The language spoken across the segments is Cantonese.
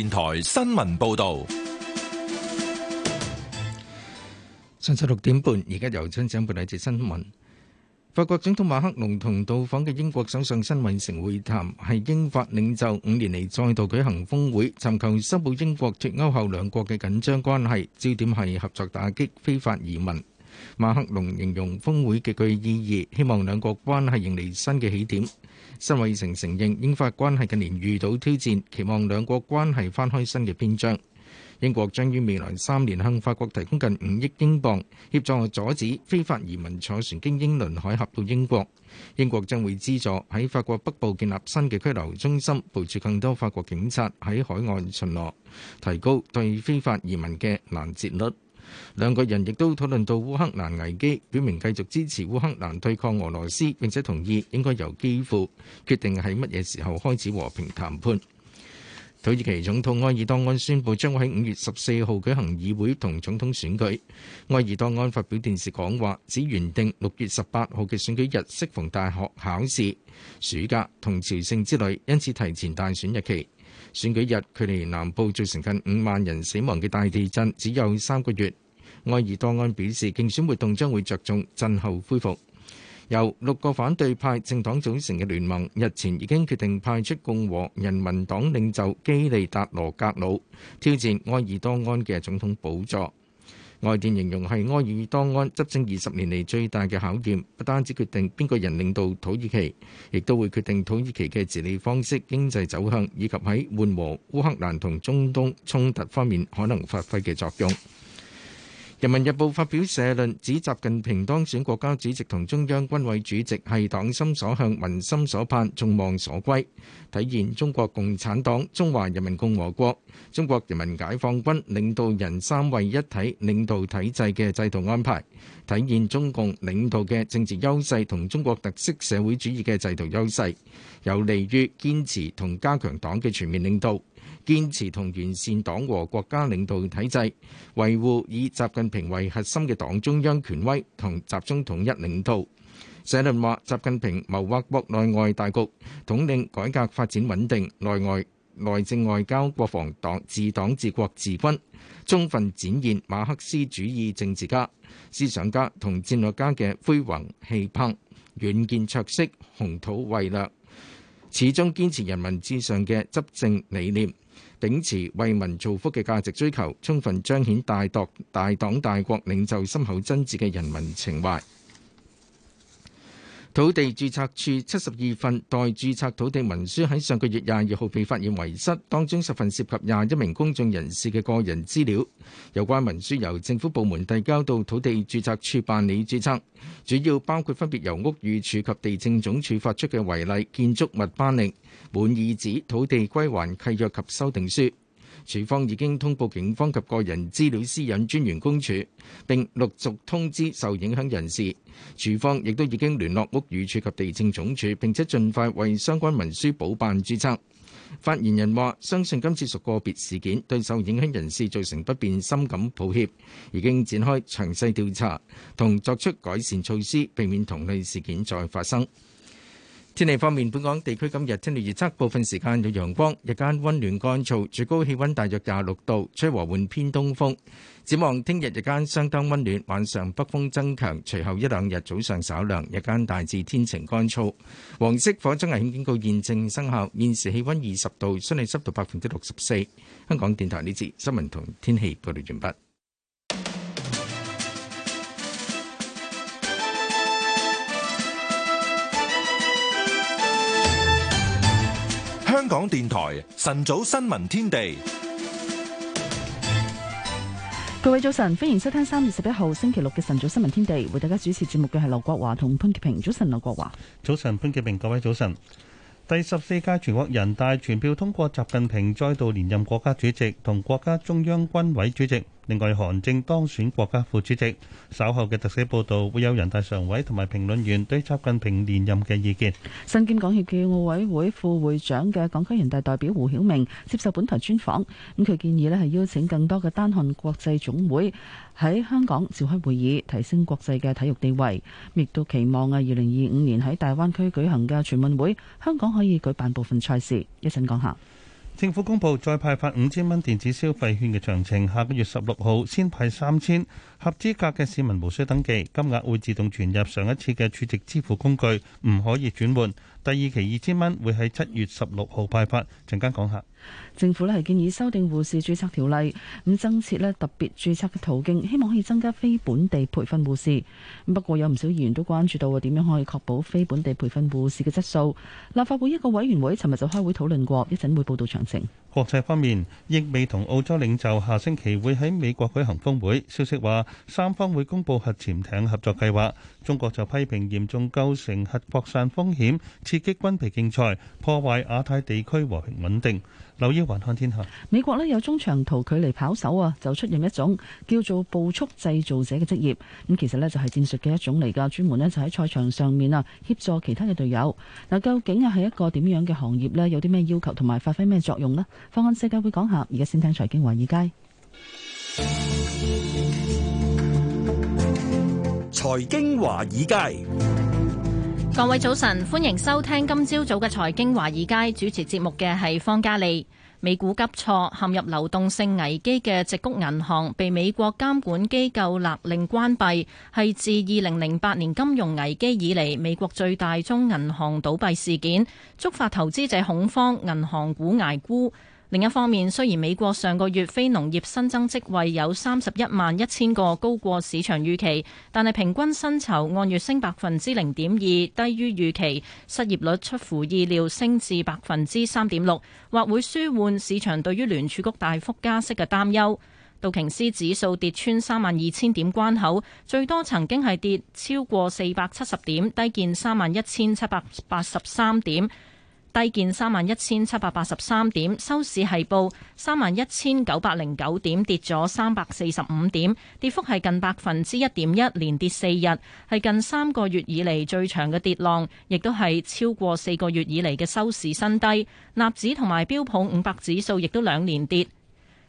電台新聞報道：上晝六點半，而家由張長富嚟接新聞。法國總統馬克龍同到訪嘅英國首相申偉城會談，係英法領袖五年嚟再度舉行峰會，尋求修補英國脱歐後兩國嘅緊張關係。焦點係合作打擊非法移民。馬克龍形容峰會極具意義，希望兩國關係迎嚟新嘅起點。辛偉誠承認英法關係近年遇到挑戰，期望兩國關係翻開新嘅篇章。英國將於未來三年向法國提供近五億英鎊，協助阻止非法移民坐船經英倫海峽到英國。英國將會資助喺法國北部建立新嘅拘留中心，部署更多法國警察喺海岸巡邏，提高對非法移民嘅攔截率。兩個人亦都討論到烏克蘭危機，表明繼續支持烏克蘭對抗俄羅斯，並且同意應該由基輔決定喺乜嘢時候開始和平談判。土耳其總統艾爾多安宣布將會喺五月十四號舉行議會同總統選舉。艾爾多安發表電視講話，指原定六月十八號嘅選舉日適逢大學考試、暑假同朝聖之旅，因此提前大選日期。選舉日距離南部造成近五萬人死亡嘅大地震只有三個月。埃爾多安表示，競選活動將會着重震後恢復，由六個反對派政黨組成嘅聯盟日前已經決定派出共和人民黨領袖基利達羅格魯挑戰埃爾多安嘅總統寶座。外電形容係埃爾多安執政二十年嚟最大嘅考驗，不單止決定邊個人領導土耳其，亦都會決定土耳其嘅治理方式、經濟走向，以及喺緩和烏克蘭同中東衝突方面可能發揮嘅作用。《人民日報》發表社論指習近平當選國家主席同中央軍委主席係黨心所向、民心所盼、眾望所歸，體現中國共產黨、中華人民共和國、中國人民解放軍領導人三位一體領導體制嘅制度安排，體現中共領導嘅政治優勢同中國特色社會主義嘅制度優勢，有利於堅持同加強黨嘅全面領導。堅持同完善黨和國家領導體制，維護以習近平為核心嘅黨中央權威同集中統一領導。社論話：習近平謀劃國內外大局，統領改革發展穩定，內外內政外交國防黨治黨治國治軍，充分展現馬克思主義政治家、思想家同戰略家嘅恢宏氣魄、遠見卓識、宏圖偉略，始終堅持人民至上嘅執政理念。秉持為民造福嘅價值追求，充分彰顯大黨、大黨大國領袖深厚真摯嘅人民情懷。土地註冊處七十二份待註冊土地文書喺上個月廿二號被發現遺失，當中十份涉及廿一名公眾人士嘅個人資料。有關文書由政府部門遞交到土地註冊處辦理註冊，主要包括分別由屋宇署及地政總署發出嘅違例建築物班令、滿意紙土地歸還契約及修訂書。處方已經通報警方及個人資料私隱專員公署，並陸續通知受影響人士。處方亦都已經聯絡屋宇處及地政總署，並且盡快為相關文書補辦註冊。發言人話：相信今次屬個別事件，對受影響人士造成不便，深感抱歉。已經展開詳細調查，同作出改善措施，避免同類事件再發生。天氣方面，本港地區今日天氣預測，部分時間有陽光，日間溫暖乾燥，最高氣溫大約廿六度，吹和緩偏東風。展望聽日日間相當溫暖，晚上北風增強，隨後一兩日早上稍涼，日間大致天晴乾燥。黃色火災危險警告現正生效，現時氣溫二十度，相對濕度百分之六十四。香港電台呢次新聞同天氣報道完畢。港電台晨早新聞天地，各位早晨，歡迎收聽三月十一號星期六嘅晨早新聞天地，為大家主持節目嘅係劉國華同潘潔平。早晨，劉國華，早晨，潘潔平，各位早晨。第十四屆全國人大全票通過習近平再度連任國家主席同國家中央軍委主席。另外，韓正當選國家副主席，稍後嘅特寫報導會有人大常委同埋評論員對習近平連任嘅意見。身兼港協暨奧委會副會長嘅港區人大代表胡曉明接受本台專訪，咁佢建議咧係邀請更多嘅單項國際總會喺香港召開會議，提升國際嘅體育地位。亦都期望啊，二零二五年喺大灣區舉行嘅全運會，香港可以舉辦部分賽事。一陣講下。政府公布再派發五千蚊電子消費券嘅詳情，下個月十六號先派三千，合資格嘅市民無需登記，金額會自動存入上一次嘅儲值支付工具，唔可以轉換。第二期二千蚊會喺七月十六號派發，陣間講下。政府呢係建議修訂護士注冊條例，咁增設呢特別注冊嘅途徑，希望可以增加非本地培訓護士。咁不過有唔少議員都關注到點樣可以確保非本地培訓護士嘅質素。立法會一個委員會尋日就開會討論過，一陣會,會報道詳情。國際方面，英美同澳洲領袖下星期會喺美國舉行峯會。消息話，三方會公佈核潛艇合作計劃。中國就批評嚴重構成核擴散風險，刺激軍備競賽，破壞亞太地區和平穩定。留意《環看天下》，美國咧有中長途距離跑手啊，就出任一種叫做步速製造者嘅職業。咁其實咧就係戰術嘅一種嚟㗎，專門咧就喺賽場上面啊協助其他嘅隊友嗱。究竟啊係一個點樣嘅行業咧？有啲咩要求同埋發揮咩作用咧？方案世界會講下，而家先聽財經華爾街。財經華爾街，各位早晨，歡迎收聽今朝早嘅財經華爾街。主持節目嘅係方嘉利。美股急挫，陷入流動性危機嘅植谷銀行被美國監管機構勒令關閉，係自二零零八年金融危機以嚟美國最大宗銀行倒閉事件，觸發投資者恐慌，銀行股捱沽。另一方面，雖然美國上個月非農業新增職位有三十一萬一千個，高過市場預期，但係平均薪酬按月升百分之零點二，低於預期，失業率出乎意料升至百分之三點六，或會舒緩市場對於聯儲局大幅加息嘅擔憂。道瓊斯指數跌穿三萬二千點關口，最多曾經係跌超過四百七十點，低見三萬一千七百八十三點。低見三萬一千七百八十三點，收市係報三萬一千九百零九點，跌咗三百四十五點，跌幅係近百分之一點一，連跌四日，係近三個月以嚟最長嘅跌浪，亦都係超過四個月以嚟嘅收市新低。納指同埋標普五百指數亦都兩年跌，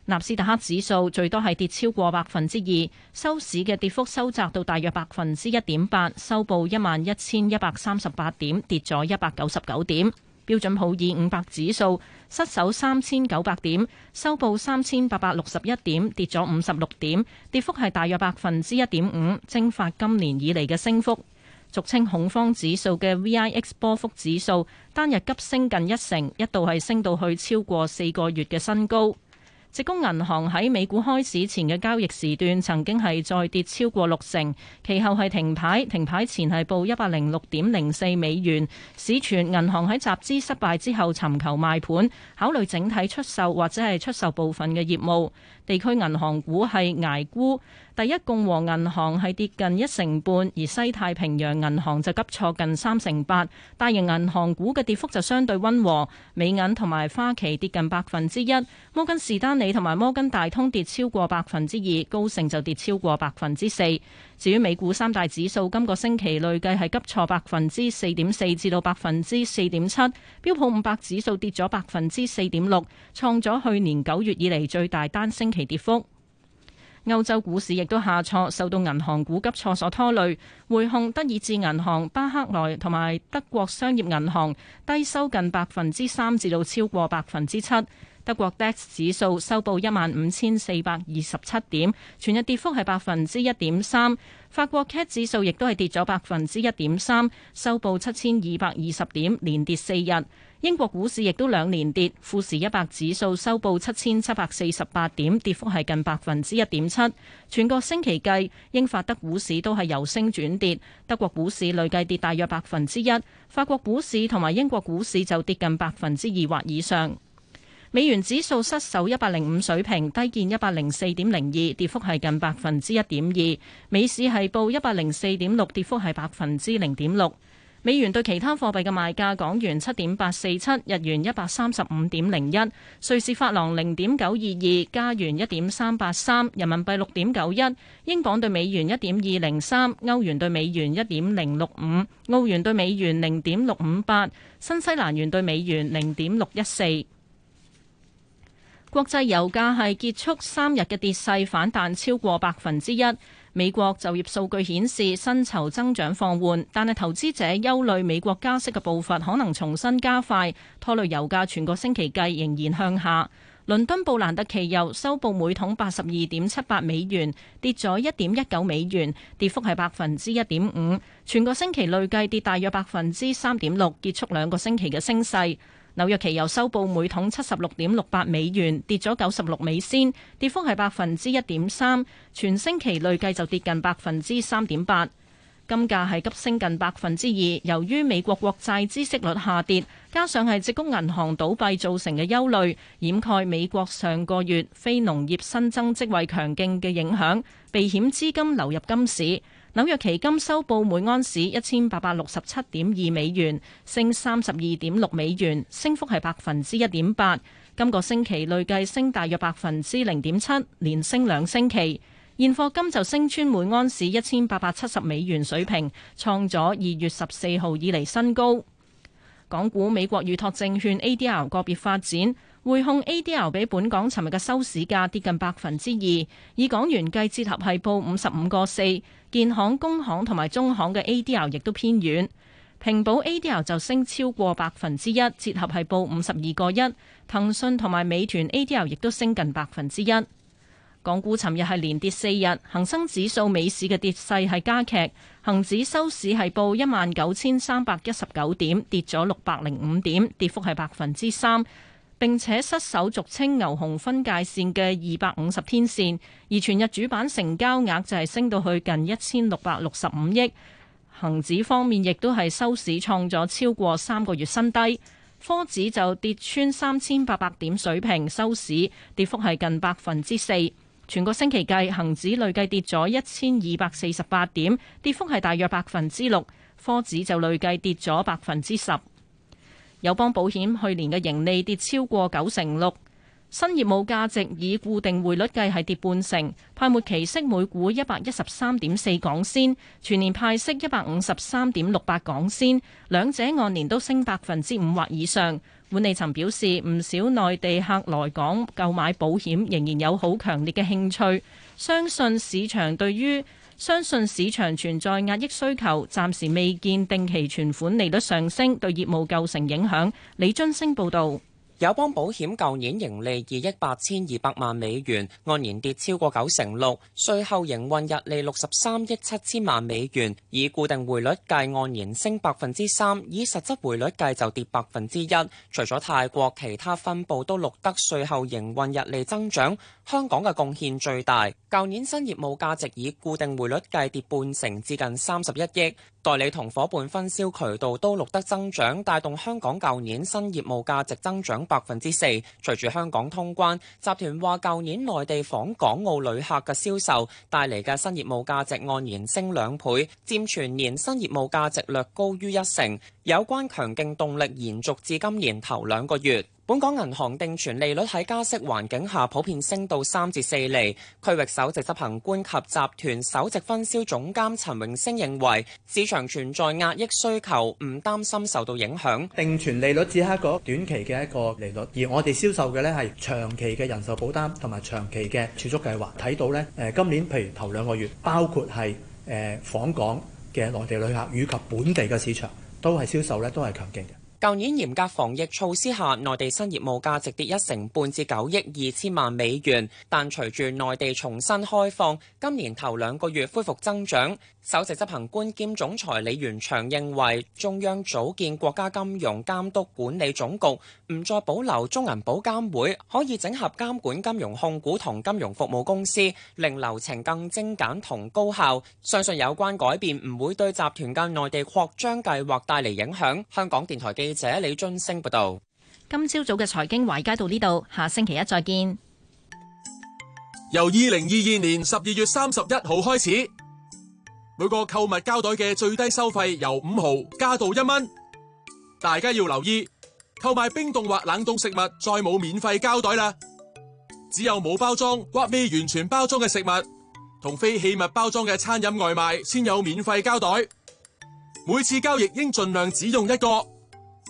納斯達克指數最多係跌超過百分之二，收市嘅跌幅收窄到大約百分之一點八，收報一萬一千一百三十八點，跌咗一百九十九點。標準普爾五百指數失守三千九百點，收報三千八百六十一點，跌咗五十六點，跌幅係大約百分之一點五，蒸發今年以嚟嘅升幅。俗稱恐慌指數嘅 VIX 波幅指數單日急升近一成，一度係升到去超過四個月嘅新高。職工銀行喺美股開市前嘅交易時段，曾經係再跌超過六成，其後係停牌，停牌前係報一百零六點零四美元。市傳銀行喺集資失敗之後尋求賣盤，考慮整體出售或者係出售部分嘅業務。地區銀行股係捱沽，第一共和銀行係跌近一成半，而西太平洋銀行就急挫近三成八。大型銀行股嘅跌幅就相對溫和，美銀同埋花旗跌近百分之一，摩根士丹利同埋摩根大通跌超過百分之二，高盛就跌超過百分之四。至於美股三大指數今個星期累計係急挫百分之四點四至到百分之四點七，標普五百指數跌咗百分之四點六，創咗去年九月以嚟最大單星期跌幅。歐洲股市亦都下挫，受到銀行股急挫所拖累，匯控、德意志銀行、巴克萊同埋德國商業銀行低收近百分之三至到超過百分之七。德國 DAX 指數收報一萬五千四百二十七點，全日跌幅係百分之一點三。法國 CAC 指數亦都係跌咗百分之一點三，收報七千二百二十點，連跌四日。英國股市亦都兩連跌，富時一百指數收報七千七百四十八點，跌幅係近百分之一點七。全個星期計，英法德股市都係由升轉跌，德國股市累計跌大約百分之一，法國股市同埋英國股市就跌近百分之二或以上。美元指數失守一百零五水平，低見一百零四點零二，跌幅係近百分之一點二。美市係報一百零四點六，跌幅係百分之零點六。美元對其他貨幣嘅賣價：港元七點八四七，日元一百三十五點零一，瑞士法郎零點九二二，加元一點三八三，人民幣六點九一，英鎊對美元一點二零三，歐元對美元一點零六五，澳元對美元零點六五八，新西蘭元對美元零點六一四。國際油價係結束三日嘅跌勢，反彈超過百分之一。美國就業數據顯示薪酬增長放緩，但係投資者憂慮美國加息嘅步伐可能重新加快，拖累油價。全個星期計仍然向下。倫敦布蘭特期油收報每桶八十二點七八美元，跌咗一點一九美元，跌幅係百分之一點五。全個星期累計跌大約百分之三點六，結束兩個星期嘅升勢。紐約期油收報每桶七十六點六八美元，跌咗九十六美仙，跌幅係百分之一點三。全星期累計就跌近百分之三點八。金價係急升近百分之二，由於美國國債孳息率下跌，加上係直工銀行倒閉造成嘅憂慮，掩蓋美國上個月非農業新增職位強勁嘅影響，避險資金流入金市。紐約期金收報每安士一千八百六十七點二美元，升三十二點六美元，升幅係百分之一點八。今個星期累計升大約百分之零點七，連升兩星期。現貨金就升穿每安士一千八百七十美元水平，創咗二月十四號以嚟新高。港股美國預託證券 ADR 個別發展。匯控 A.D.R. 比本港尋日嘅收市價跌近百分之二，以港元計，折合係報五十五個四。建行、工行同埋中行嘅 A.D.R. 亦都偏軟，平保 A.D.R. 就升超過百分之一，折合係報五十二個一。騰訊同埋美團 A.D.R. 亦都升近百分之一。港股尋日係連跌四日，恒生指數、美市嘅跌勢係加劇。恒指收市係報一萬九千三百一十九點，跌咗六百零五點，跌幅係百分之三。並且失守俗稱牛熊分界線嘅二百五十天線，而全日主板成交額就係升到去近一千六百六十五億。恒指方面亦都係收市創咗超過三個月新低，科指就跌穿三千八百點水平收市，跌幅係近百分之四。全個星期計，恒指累計跌咗一千二百四十八點，跌幅係大約百分之六，科指就累計跌咗百分之十。友邦保險去年嘅盈利跌超過九成六，新業務價值以固定匯率計係跌半成，派末期息每股一百一十三點四港仙，全年派息一百五十三點六八港仙，兩者按年都升百分之五或以上。管理層表示，唔少內地客來港購買保險仍然有好強烈嘅興趣，相信市場對於相信市場存在壓抑需求，暫時未見定期存款利率上升，對業務構成影響。李津升報導。友邦保險舊年盈利二億八千二百萬美元，按年跌超過九成六，稅後營運日利六十三億七千萬美元，以固定匯率計按年升百分之三，以實質匯率計就跌百分之一。除咗泰國，其他分部都錄得稅後營運日利增長，香港嘅貢獻最大。舊年新業務價值以固定匯率計跌半成，至近三十一億。代理同伙伴分銷渠道都錄得增長，帶動香港舊年新業務價值增長。百分之四。隨住香港通關，集團話舊年內地訪港澳旅客嘅銷售帶嚟嘅新業務價值按年升兩倍，佔全年新業務價值略高於一成。有關強勁動力延續至今年頭兩個月。本港銀行定存利率喺加息環境下普遍升到三至四厘。區域首席執行官及集團首席分銷總監陳榮升認為，市場存在壓抑需求，唔擔心受到影響。定存利率只係一個短期嘅一個利率，而我哋銷售嘅呢係長期嘅人壽保單同埋長期嘅儲蓄計劃。睇到呢，誒今年譬如頭兩個月，包括係誒、呃、訪港嘅內地旅客以及本地嘅市場，都係銷售呢都係強勁嘅。舊年嚴格防疫措施下，內地新業務價值跌一成半至九億二千萬美元。但隨住內地重新開放，今年頭兩個月恢復增長。首席執行官兼總裁李源祥認為，中央組建國家金融監督管理總局，唔再保留中銀保監會，可以整合監管金融控股同金融服務公司，令流程更精簡同高效。相信有關改變唔會對集團嘅內地擴張計劃帶嚟影響。香港電台記。記者李津升報道，今朝早嘅財經華爾街到呢度，下星期一再見。由二零二二年十二月三十一號開始，每個購物膠袋嘅最低收費由五毫加到一蚊。大家要留意，購買冰凍或冷凍食物再冇免費膠袋啦，只有冇包裝或未完全包裝嘅食物同非棄物包裝嘅餐飲外賣先有免費膠袋。每次交易應盡量只用一個。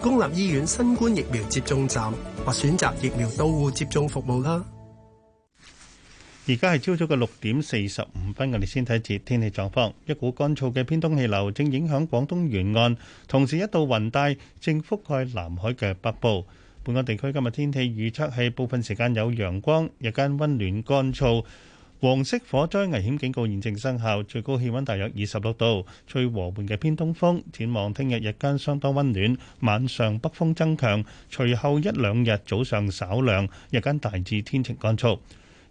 公立醫院新冠疫苗接種站或選擇疫苗到戶接種服務啦。而家係朝早嘅六點四十五分，我哋先睇節天氣狀況。一股乾燥嘅偏東氣流正影響廣東沿岸，同時一道雲帶正覆蓋南海嘅北部。本港地區今日天氣預測係部分時間有陽光，日間温暖乾燥。黃色火災危險警告現正生效，最高氣溫大約二十六度，吹和緩嘅偏東風。展望聽日日間相當溫暖，晚上北風增強，隨後一兩日早上稍涼，日間大致天晴乾燥。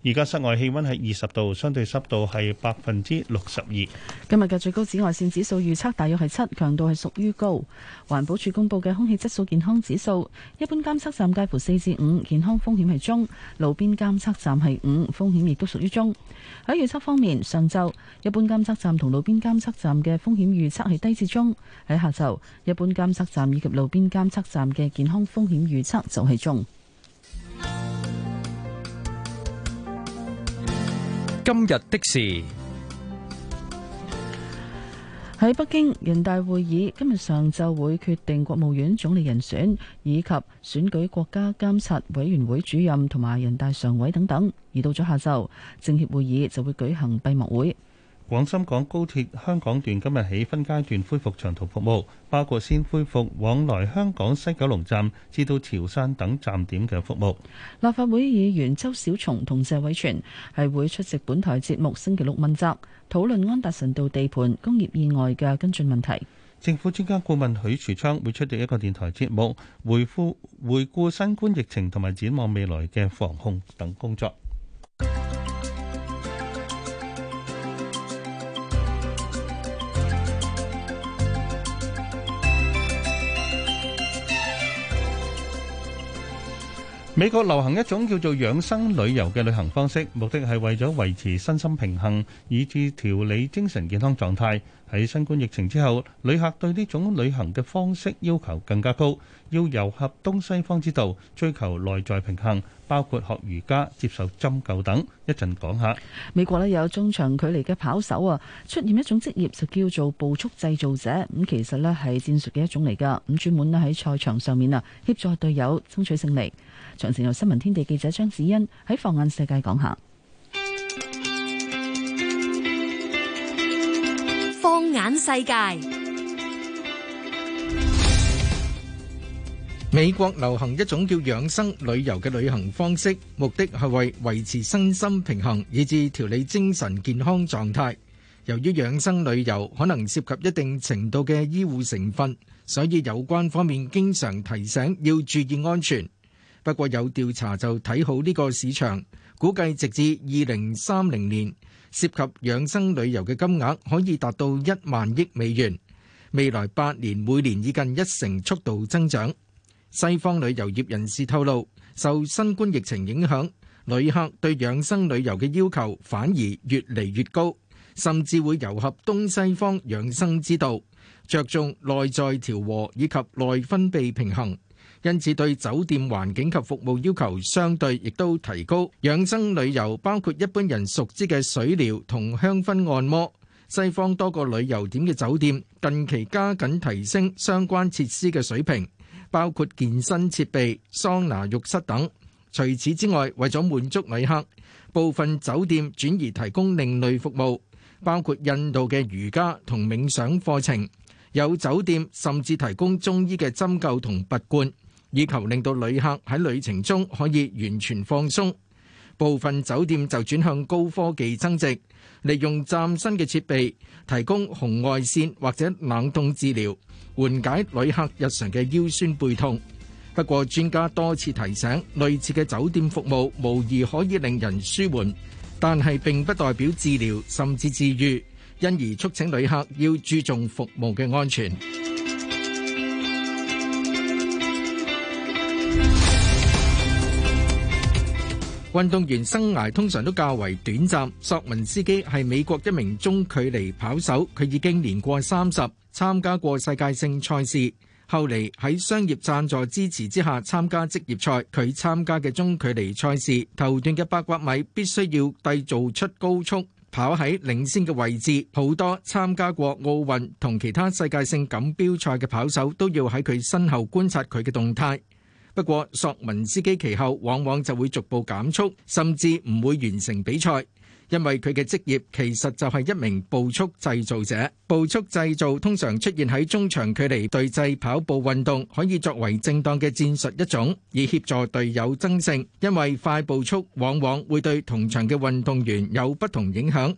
而家室外氣溫係二十度，相對濕度係百分之六十二。今日嘅最高紫外線指數預測大約係七，強度係屬於高。環保署公布嘅空氣質素健康指數，一般監測站介乎四至五，健康風險係中；路邊監測站係五，風險亦都屬於中。喺預測方面，上晝一般監測站同路邊監測站嘅風險預測係低至中；喺下晝，一般監測站以及路邊監測站嘅健康風險預測就係中。今日的事，喺北京人大會議今日上晝會決定國務院總理人選，以及選舉國家監察委員會主任同埋人大常委等等，而到咗下晝，政協會議就會舉行閉幕會。廣深港高鐵香港段今日起分階段恢復長途服務，包括先恢復往來香港西九龍站至到潮汕等站點嘅服務。立法會議員周小松同謝偉全係會出席本台節目星期六問責，討論安達臣道地盤工業意外嘅跟進問題。政府專家顧問許樹昌會出席一個電台節目，回复回顧新冠疫情同埋展望未來嘅防控等工作。美國流行一種叫做養生旅遊嘅旅行方式，目的係為咗維持身心平衡，以至調理精神健康狀態。喺新冠疫情之後，旅客對呢種旅行嘅方式要求更加高，要融合東西方之道，追求內在平衡，包括學瑜伽、接受針灸等。一陣講下美國咧，有中長距離嘅跑手啊，出現一種職業就叫做步速製造者。咁其實咧係戰術嘅一種嚟㗎，咁專門咧喺賽場上面啊協助隊友爭取勝利。晨早新聞天地記者張子欣喺放眼世界講下。放眼世界，美國流行一種叫養生旅遊嘅旅行方式，目的係為維持身心平衡，以至調理精神健康狀態。由於養生旅遊可能涉及一定程度嘅醫護成分，所以有關方面經常提醒要注意安全。不過有調查就睇好呢個市場，估計直至二零三零年涉及養生旅遊嘅金額可以達到一萬億美元，未來八年每年以近一成速度增長。西方旅遊業人士透露，受新冠疫情影響，旅客對養生旅遊嘅要求反而越嚟越高，甚至會糅合東西方養生之道，着重內在調和以及內分泌平衡。因此，對酒店環境及服務要求相對亦都提高。養生旅遊包括一般人熟知嘅水療同香薰按摩。西方多個旅遊點嘅酒店近期加緊提升相關設施嘅水平，包括健身設備、桑拿浴室等。除此之外，為咗滿足旅客，部分酒店轉而提供另類服務，包括印度嘅瑜伽同冥想課程。有酒店甚至提供中醫嘅針灸同拔罐。以求令到旅客喺旅程中可以完全放鬆，部分酒店就轉向高科技增值，利用嶄新嘅設備提供紅外綫或者冷凍治療，緩解旅客日常嘅腰酸背痛。不過專家多次提醒，類似嘅酒店服務無疑可以令人舒緩，但係並不代表治療甚至治癒，因而促請旅客要注重服務嘅安全。運動員生涯通常都較為短暫。索文斯基係美國一名中距離跑手，佢已經年過三十，參加過世界性賽事。後嚟喺商業贊助支持之下參職，參加職業賽。佢參加嘅中距離賽事，頭段嘅八百米必須要締造出高速，跑喺領先嘅位置。好多參加過奧運同其他世界性錦標賽嘅跑手都要喺佢身後觀察佢嘅動態。不過，索文斯基其後往往就會逐步減速，甚至唔會完成比賽，因為佢嘅職業其實就係一名步速製造者。步速製造通常出現喺中長距離對峙跑步運動，可以作為正當嘅戰術一種，以協助隊友爭勝。因為快步速往往會對同場嘅運動員有不同影響。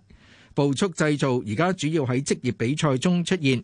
步速製造而家主要喺職業比賽中出現。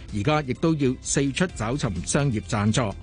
而家亦都要四出找尋商業贊助。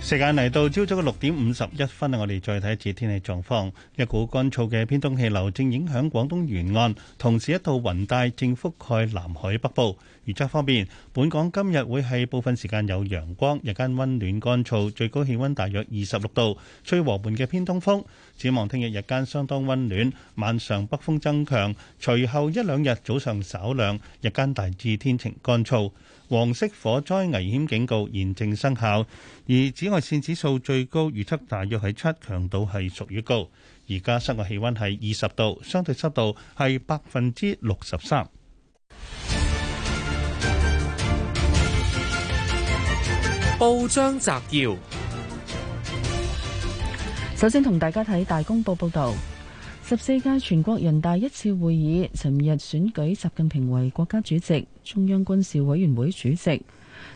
時間嚟到朝早嘅六點五十一分啊！我哋再睇一次天氣狀況。一股乾燥嘅偏東氣流正影響廣東沿岸，同時一道雲帶正覆蓋南海北部。預測方面，本港今日會係部分時間有陽光，日間溫暖乾燥，最高氣溫大約二十六度，吹和緩嘅偏東風。展望聽日日間相當溫暖，晚上北風增強，隨後一兩日早上稍涼，日間大致天晴乾燥。黃色火災危險警告現正生效，而紫外線指數最高預測大約係七，強度係屬於高。而家室外氣溫係二十度，相對濕度係百分之六十三。報章摘要：首先同大家睇大公報報道，十四屆全國人大一次會議尋日選舉習近平為國家主席、中央軍事委員會主席。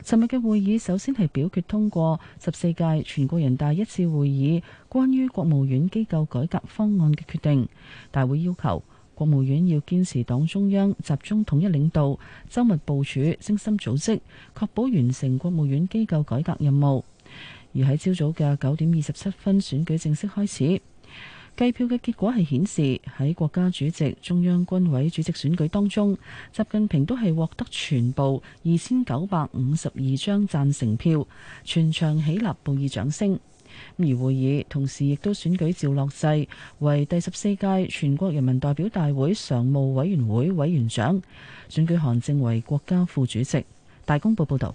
尋日嘅會議首先係表決通過十四屆全國人大一次會議關於國務院機構改革方案嘅決定。大會要求。國務院要堅持黨中央集中統一領導，周密部署，精心組織，確保完成國務院機構改革任務。而喺朝早嘅九點二十七分，選舉正式開始。計票嘅結果係顯示，喺國家主席、中央軍委主席選舉當中，習近平都係獲得全部二千九百五十二張贊成票，全場起立報以掌聲。而會議同時亦都選舉趙樂際，為第十四屆全國人民代表大會常務委員會委員長，選舉韓正為國家副主席。大公報報導，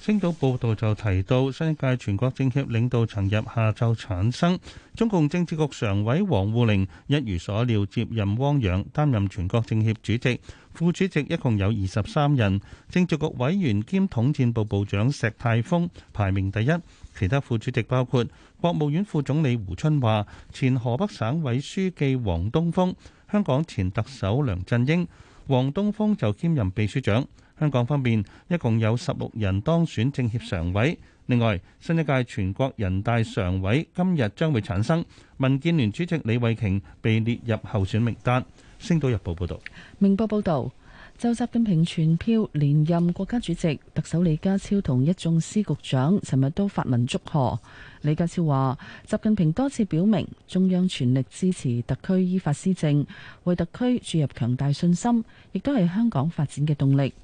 星島報道就提到新一屆全國政協領導層尋日下晝產生，中共政治局常委王滬寧一如所料接任汪洋擔任全國政協主席，副主席一共有二十三人，政治局委員兼統戰部部長石泰峰排名第一。其他副主席包括國務院副總理胡春華、前河北省委書記王東峰、香港前特首梁振英。王東峰就兼任秘書長。香港方面一共有十六人當選政協常委。另外，新一屆全國人大常委今日將會產生。民建聯主席李慧瓊被列入候選名單。《星島日報》報道，《明報》報道。就習近平全票連任國家主席，特首李家超同一眾司局長尋日都發文祝賀，李家超話習近平多次表明中央全力支持特區依法施政，為特區注入強大信心，亦都係香港發展嘅動力。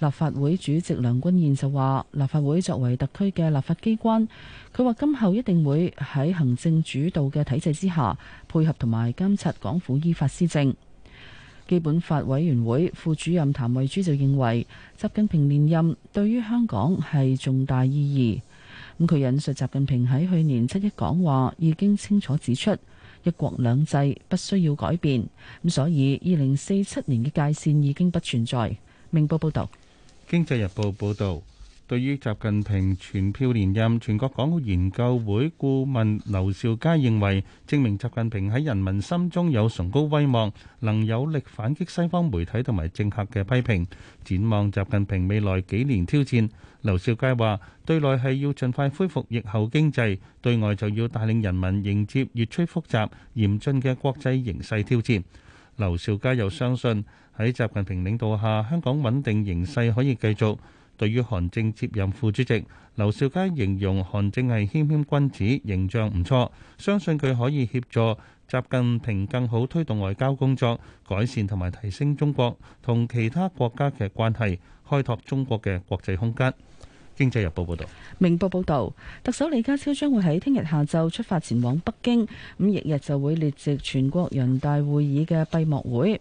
立法會主席梁君彥就話立法會作為特區嘅立法機關，佢話今後一定會喺行政主導嘅體制之下，配合同埋監察港府依法施政。基本法委員會副主任譚慧珠就認為習近平連任對於香港係重大意義，咁佢引述習近平喺去年七一講話已經清楚指出一國兩制不需要改變，咁所以二零四七年嘅界線已經不存在。明報報道，經濟日報報道。對於習近平全票連任，全國港澳研究會顧問劉兆佳認為，證明習近平喺人民心中有崇高威望，能有力反擊西方媒體同埋政客嘅批評。展望習近平未來幾年挑戰，劉兆佳話：對內係要盡快恢復疫後經濟，對外就要帶領人民迎接越趨複雜嚴峻嘅國際形勢挑戰。劉兆佳又相信喺習近平領導下，香港穩定形勢可以繼續。對於韓正接任副主席，劉兆佳形容韓正係謙謙君子，形象唔錯，相信佢可以協助習近平更好推動外交工作，改善同埋提升中國同其他國家嘅關係，開拓中國嘅國際空間。經濟日報報道，明報報道，特首李家超將會喺聽日下晝出發前往北京，咁翌日就會列席全國人大會議嘅閉幕會。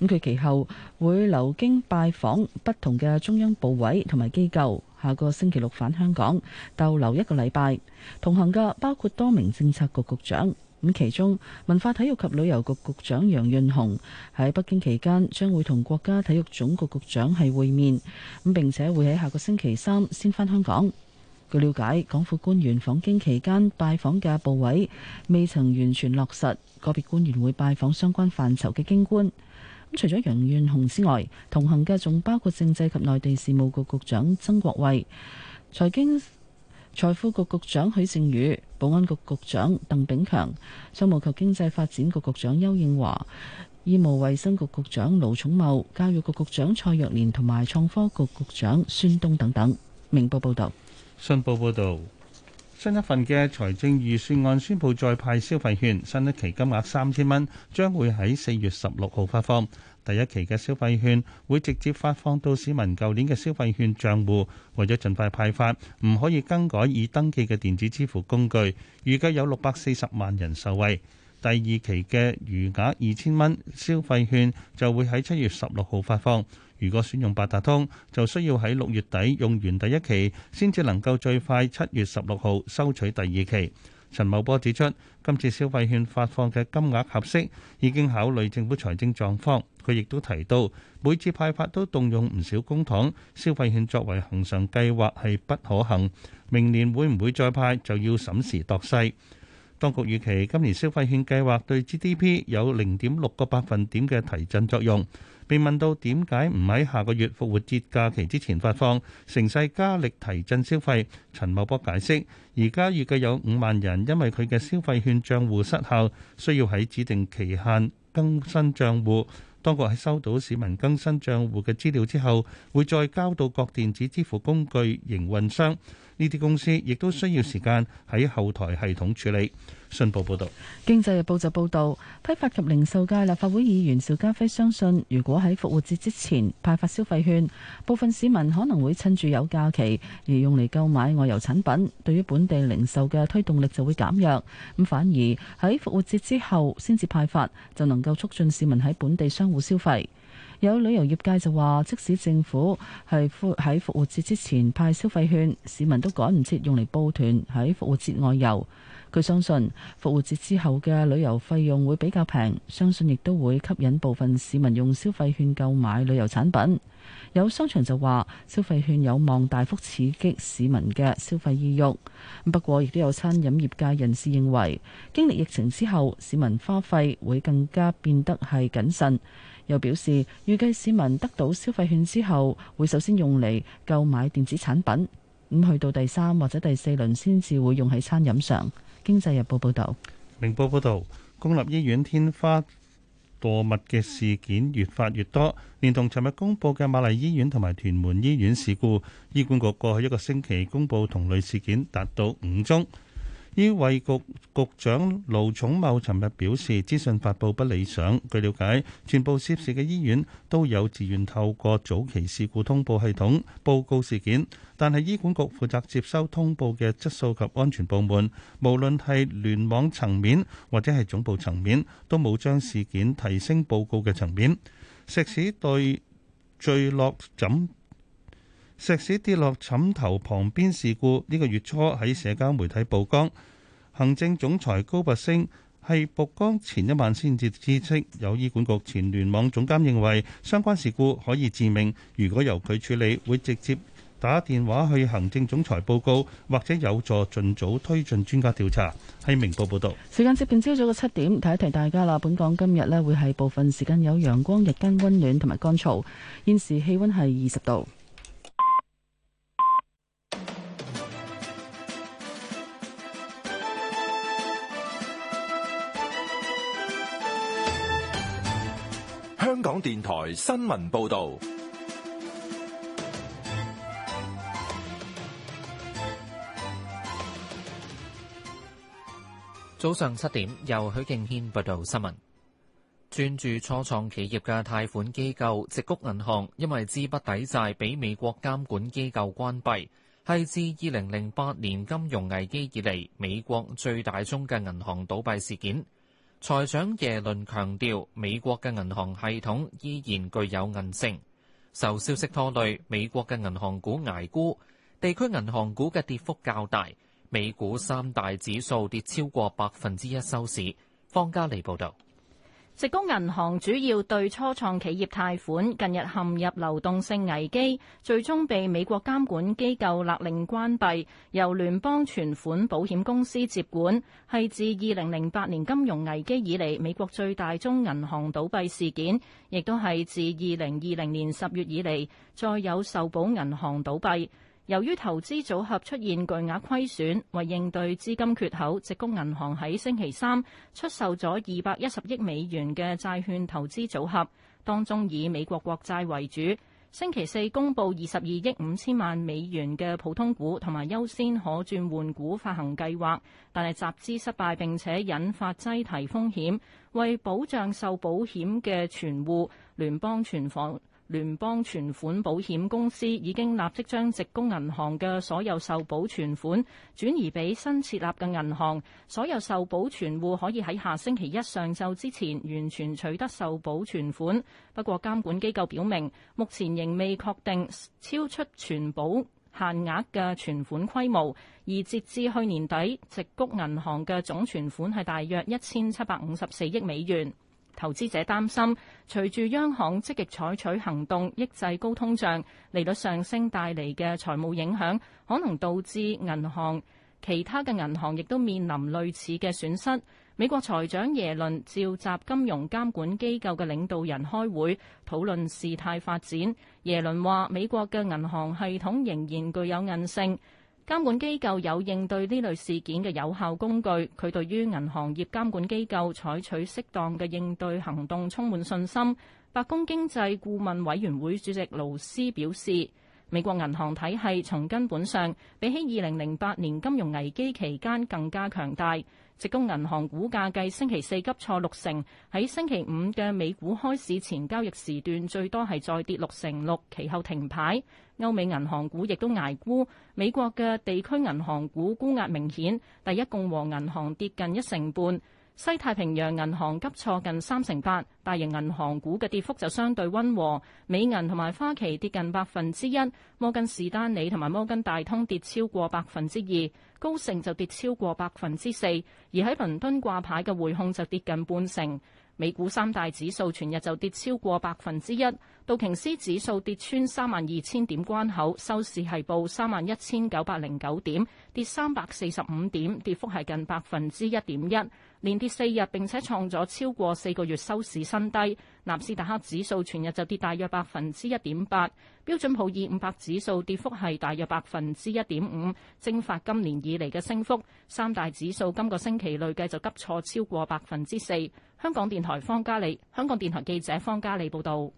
咁佢其後會留京拜訪不同嘅中央部委同埋機構，下個星期六返香港逗留一個禮拜，同行嘅包括多名政策局局長。咁其中，文化體育及旅遊局局長楊潤雄喺北京期間將會同國家體育總局局長係會面，咁並且會喺下個星期三先返香港。據了解，港府官員訪京期間拜訪嘅部位未曾完全落實，個別官員會拜訪相關範疇嘅京官。咁除咗楊潤雄之外，同行嘅仲包括政制及內地事務局局，局長曾國衛、財經財富局局長許正宇。保安局局長鄧炳強、商務及經濟發展局局長邱應華、醫務衛生局局長盧寵茂、教育局局長蔡若蓮同埋創科局局長孫東等等。明報報道，信報報道，新一份嘅財政預算案宣布再派消費券，新一期金額三千蚊，將會喺四月十六號發放。第一期嘅消費券會直接發放到市民舊年嘅消費券帳戶，為咗盡快派發，唔可以更改已登記嘅電子支付工具。預計有六百四十萬人受惠。第二期嘅餘額二千蚊消費券就會喺七月十六號發放。如果選用八達通，就需要喺六月底用完第一期，先至能夠最快七月十六號收取第二期。陳茂波指出，今次消費券發放嘅金額合適，已經考慮政府財政狀況。佢亦都提到，每次派發都動用唔少公帑，消費券作為恆常計劃係不可行。明年會唔會再派就要審時度勢。當局預期今年消費券計劃對 GDP 有零點六個百分點嘅提振作用。被問到點解唔喺下個月復活節假期之前發放，乘勢加力提振消費，陳茂波解釋：而家預計有五萬人因為佢嘅消費券帳戶失效，需要喺指定期限更新帳戶。當局喺收到市民更新賬戶嘅資料之後，會再交到各電子支付工具營運商。呢啲公司亦都需要時間喺後台系統處理。信報報道，《經濟日報》就報導，批發及零售界立法會議員邵家輝相信，如果喺復活節之前派發消費券，部分市民可能會趁住有假期而用嚟購買外遊產品，對於本地零售嘅推動力就會減弱。咁反而喺復活節之後先至派發，就能夠促進市民喺本地商戶消費。有旅遊業界就話，即使政府係喺復活節之前派消費券，市民都趕唔切用嚟報團喺復活節外遊。佢相信復活節之後嘅旅遊費用會比較平，相信亦都會吸引部分市民用消費券購買旅遊產品。有商場就話，消費券有望大幅刺激市民嘅消費意欲。不過，亦都有餐飲業界人士認為，經歷疫情之後，市民花費會更加變得係謹慎。又表示，預計市民得到消費券之後，會首先用嚟購買電子產品，咁去到第三或者第四輪先至會用喺餐飲上。經濟日報報道。明報報道，公立醫院天花墮物嘅事件越發越多，連同尋日公佈嘅瑪麗醫院同埋屯門醫院事故，醫管局過去一個星期公佈同類事件達到五宗。醫衛局局長盧寵茂尋日表示，資訊發佈不理想。據了解，全部涉事嘅醫院都有自願透過早期事故通報系統報告事件，但係醫管局負責接收通報嘅質素及安全部門，無論係聯網層面或者係總部層面，都冇將事件提升報告嘅層面。石屎對墜落枕。石屎跌落枕頭旁邊，事故呢個月初喺社交媒體曝光。行政總裁高拔升係曝光前一晚先至知悉。有醫管局前聯網總監認為，相關事故可以致命。如果由佢處理，會直接打電話去行政總裁報告，或者有助盡早推進專家調查。係明報報道。時間接近朝早嘅七點，提一提大家啦。本港今日呢會係部分時間有陽光，日間溫暖同埋乾燥。現時氣溫係二十度。香港電台新聞報道，早上七點由許敬軒報道新聞。專注初創企業嘅貸款機構矽谷銀行，因為資不抵債，俾美國監管機構關閉，係自二零零八年金融危機以嚟美國最大宗嘅銀行倒閉事件。財長耶倫強調，美國嘅銀行系統依然具有韌性。受消息拖累，美國嘅銀行股挨沽，地區銀行股嘅跌幅較大。美股三大指數跌超過百分之一收市。方家利報道。矽谷銀行主要對初創企業貸款，近日陷入流動性危機，最終被美國監管機構勒令關閉，由聯邦存款保險公司接管，係自二零零八年金融危機以嚟美國最大宗銀行倒閉事件，亦都係自二零二零年十月以嚟再有受保銀行倒閉。由於投資組合出現巨額虧損，為應對資金缺口，矽谷銀行喺星期三出售咗二百一十億美元嘅債券投資組合，當中以美國國債為主。星期四公布二十二億五千萬美元嘅普通股同埋優先可轉換股發行計劃，但係集資失敗並且引發擠提風險，為保障受保險嘅存戶，聯邦存款。聯邦存款保險公司已經立即將矽谷銀行嘅所有受保存款轉移俾新設立嘅銀行，所有受保存戶可以喺下星期一上晝之前完全取得受保存款。不過監管機構表明，目前仍未確定超出存保限額嘅存款規模，而截至去年底，矽谷銀行嘅總存款係大約一千七百五十四億美元。投資者擔心，隨住央行積極採取行動抑制高通脹，利率上升帶嚟嘅財務影響，可能導致銀行，其他嘅銀行亦都面臨類似嘅損失。美國財長耶倫召集金融監管機構嘅領導人開會，討論事態發展。耶倫話：美國嘅銀行系統仍然具有韌性。監管機構有應對呢類事件嘅有效工具，佢對於銀行業監管機構採取適當嘅應對行動充滿信心。白宮經濟顧問委員會主席勞斯表示：美國銀行體系從根本上比起2008年金融危機期間更加強大。直工銀行股價計星期四急挫六成，喺星期五嘅美股開市前交易時段最多係再跌六成六，其後停牌。歐美銀行股亦都挨沽，美國嘅地區銀行股沽壓明顯，第一共和銀行跌近一成半。西太平洋銀行急挫近三成八，大型銀行股嘅跌幅就相對溫和。美銀同埋花旗跌近百分之一，摩根士丹利同埋摩根大通跌超過百分之二，高盛就跌超過百分之四。而喺倫敦掛牌嘅匯控就跌近半成。美股三大指數全日就跌超過百分之一，道瓊斯指數跌穿三萬二千點關口，收市係報三萬一千九百零九點，跌三百四十五點，跌幅係近百分之一點一。連跌四日，並且創咗超過四個月收市新低。納斯達克指數全日就跌大約百分之一點八，標準普爾五百指數跌幅係大約百分之一點五，蒸發今年以嚟嘅升幅。三大指數今個星期累計就急挫超過百分之四。香港電台方嘉利，香港電台記者方嘉利報道。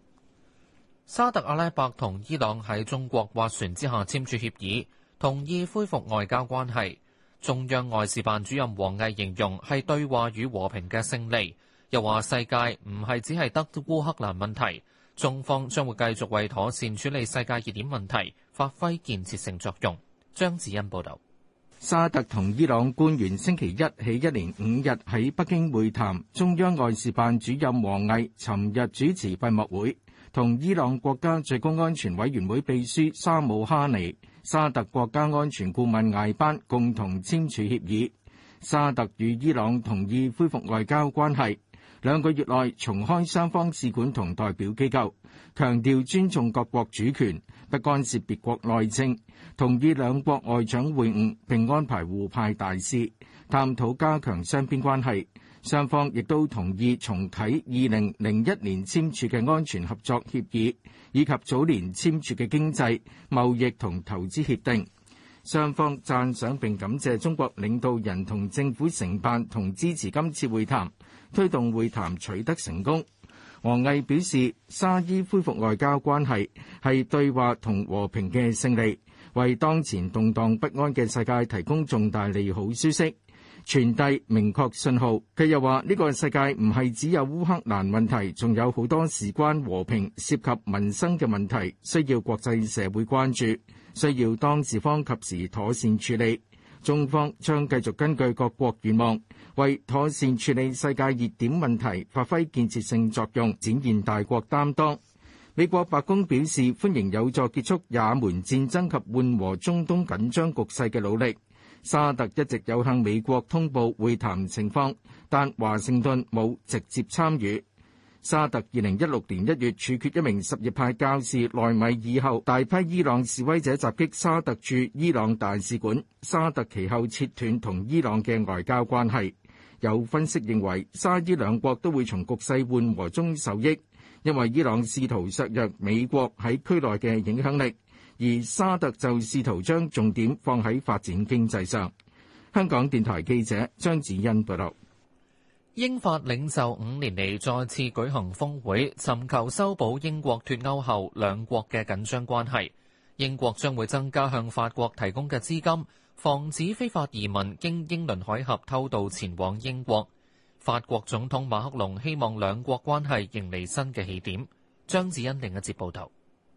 沙特阿拉伯同伊朗喺中國斡旋之下簽署協議，同意恢復外交關係。中央外事辦主任王毅形容係對話與和平嘅勝利，又話世界唔係只係得烏克蘭問題，中方將會繼續為妥善處理世界熱點問題，發揮建設性作用。張子欣報導。沙特同伊朗官員星期一起一連五日喺北京會談，中央外事辦主任王毅尋日主持閉幕會，同伊朗國家最高安全委員會秘書沙姆哈尼沙特國家安全顧問艾班共同簽署協議，沙特與伊朗同意恢復外交關係，兩個月內重開雙方使館同代表機構，強調尊重各國主權，不干涉別國內政，同意兩國外長會晤並安排互派大使，探討加強雙邊關係。雙方亦都同意重啟2001年簽署嘅安全合作協議，以及早年簽署嘅經濟貿易同投資協定。雙方讚賞並感謝中國領導人同政府承辦同支持今次會談，推動會談取得成功。王毅表示，沙伊恢復外交關係係對話同和,和平嘅勝利，為當前動蕩不安嘅世界提供重大利好消息。傳遞明確信號。佢又話：呢個世界唔係只有烏克蘭問題，仲有好多事關和平、涉及民生嘅問題，需要國際社會關注，需要當事方及時妥善處理。中方將繼續根據各國願望，為妥善處理世界熱點問題發揮建設性作用，展現大國擔當。美國白宮表示歡迎有助結束也門戰爭及緩和中東緊張局勢嘅努力。沙特一直有向美國通報會談情況，但華盛頓冇直接參與。沙特2016年一月處決一名什葉派教士奈米爾以後，大批伊朗示威者襲擊沙特駐伊朗大使館，沙特其後切斷同伊朗嘅外交關係。有分析認為，沙伊兩國都會從局勢緩和中受益，因為伊朗試圖削弱美國喺區內嘅影響力。而沙特就試圖將重點放喺發展經濟上。香港電台記者張子欣報道：英法領袖五年嚟再次舉行峰會，尋求修補英國脱歐後兩國嘅緊張關係，英國將會增加向法國提供嘅資金，防止非法移民經英倫海峽偷渡前往英國，法國總統馬克龍希望兩國關係迎嚟新嘅起點，張子欣另一節報道。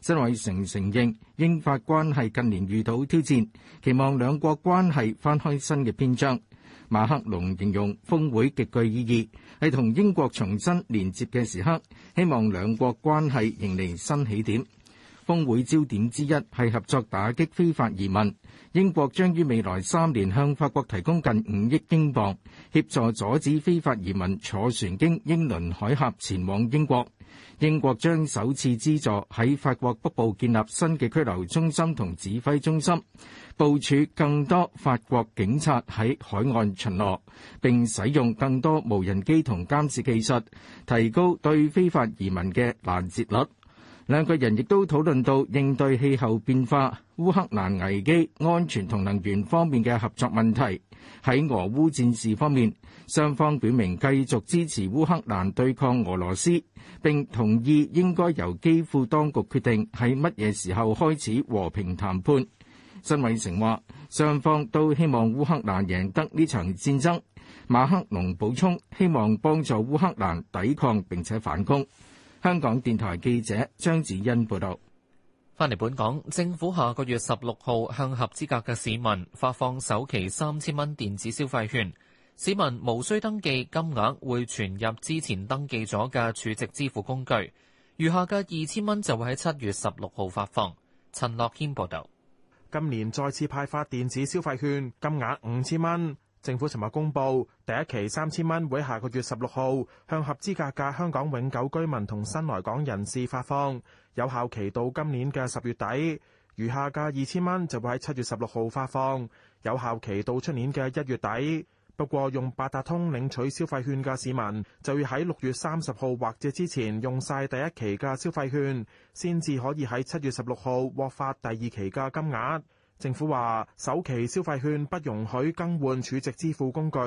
曾偉成承認英法關係近年遇到挑戰，期望兩國關係翻開新嘅篇章。馬克龍形容峯會極具意義，係同英國重新連接嘅時刻，希望兩國關係迎嚟新起點。峯會焦點之一係合作打擊非法移民，英國將於未來三年向法國提供近五億英鎊，協助阻止非法移民坐船經英倫海峽前往英國。英國將首次資助喺法國北部建立新嘅拘留中心同指揮中心，部署更多法國警察喺海岸巡邏，並使用更多無人機同監視技術，提高對非法移民嘅攔截率。兩個人亦都討論到應對氣候變化、烏克蘭危機、安全同能源方面嘅合作問題。喺俄烏戰事方面。雙方表明繼續支持烏克蘭對抗俄羅斯，並同意應該由基輔當局決定喺乜嘢時候開始和平談判。辛偉誠話，雙方都希望烏克蘭贏得呢場戰爭。馬克龍補充，希望幫助烏克蘭抵抗並且反攻。香港電台記者張子欣報道。翻嚟本港，政府下個月十六號向合資格嘅市民發放首期三千蚊電子消費券。市民無需登記，金額會存入之前登記咗嘅儲值支付工具，餘下嘅二千蚊就會喺七月十六號發放。陳樂謙報道。今年再次派發電子消費券，金額五千蚊。政府尋日公布第一期三千蚊會下個月十六號向合資格嘅香港永久居民同新來港人士發放，有效期到今年嘅十月底。餘下嘅二千蚊就會喺七月十六號發放，有效期到出年嘅一月底。不過，用八達通領取消費券嘅市民就要喺六月三十號或者之前用晒第一期嘅消費券，先至可以喺七月十六號獲發第二期嘅金額。政府話首期消費券不容許更換儲值支付工具，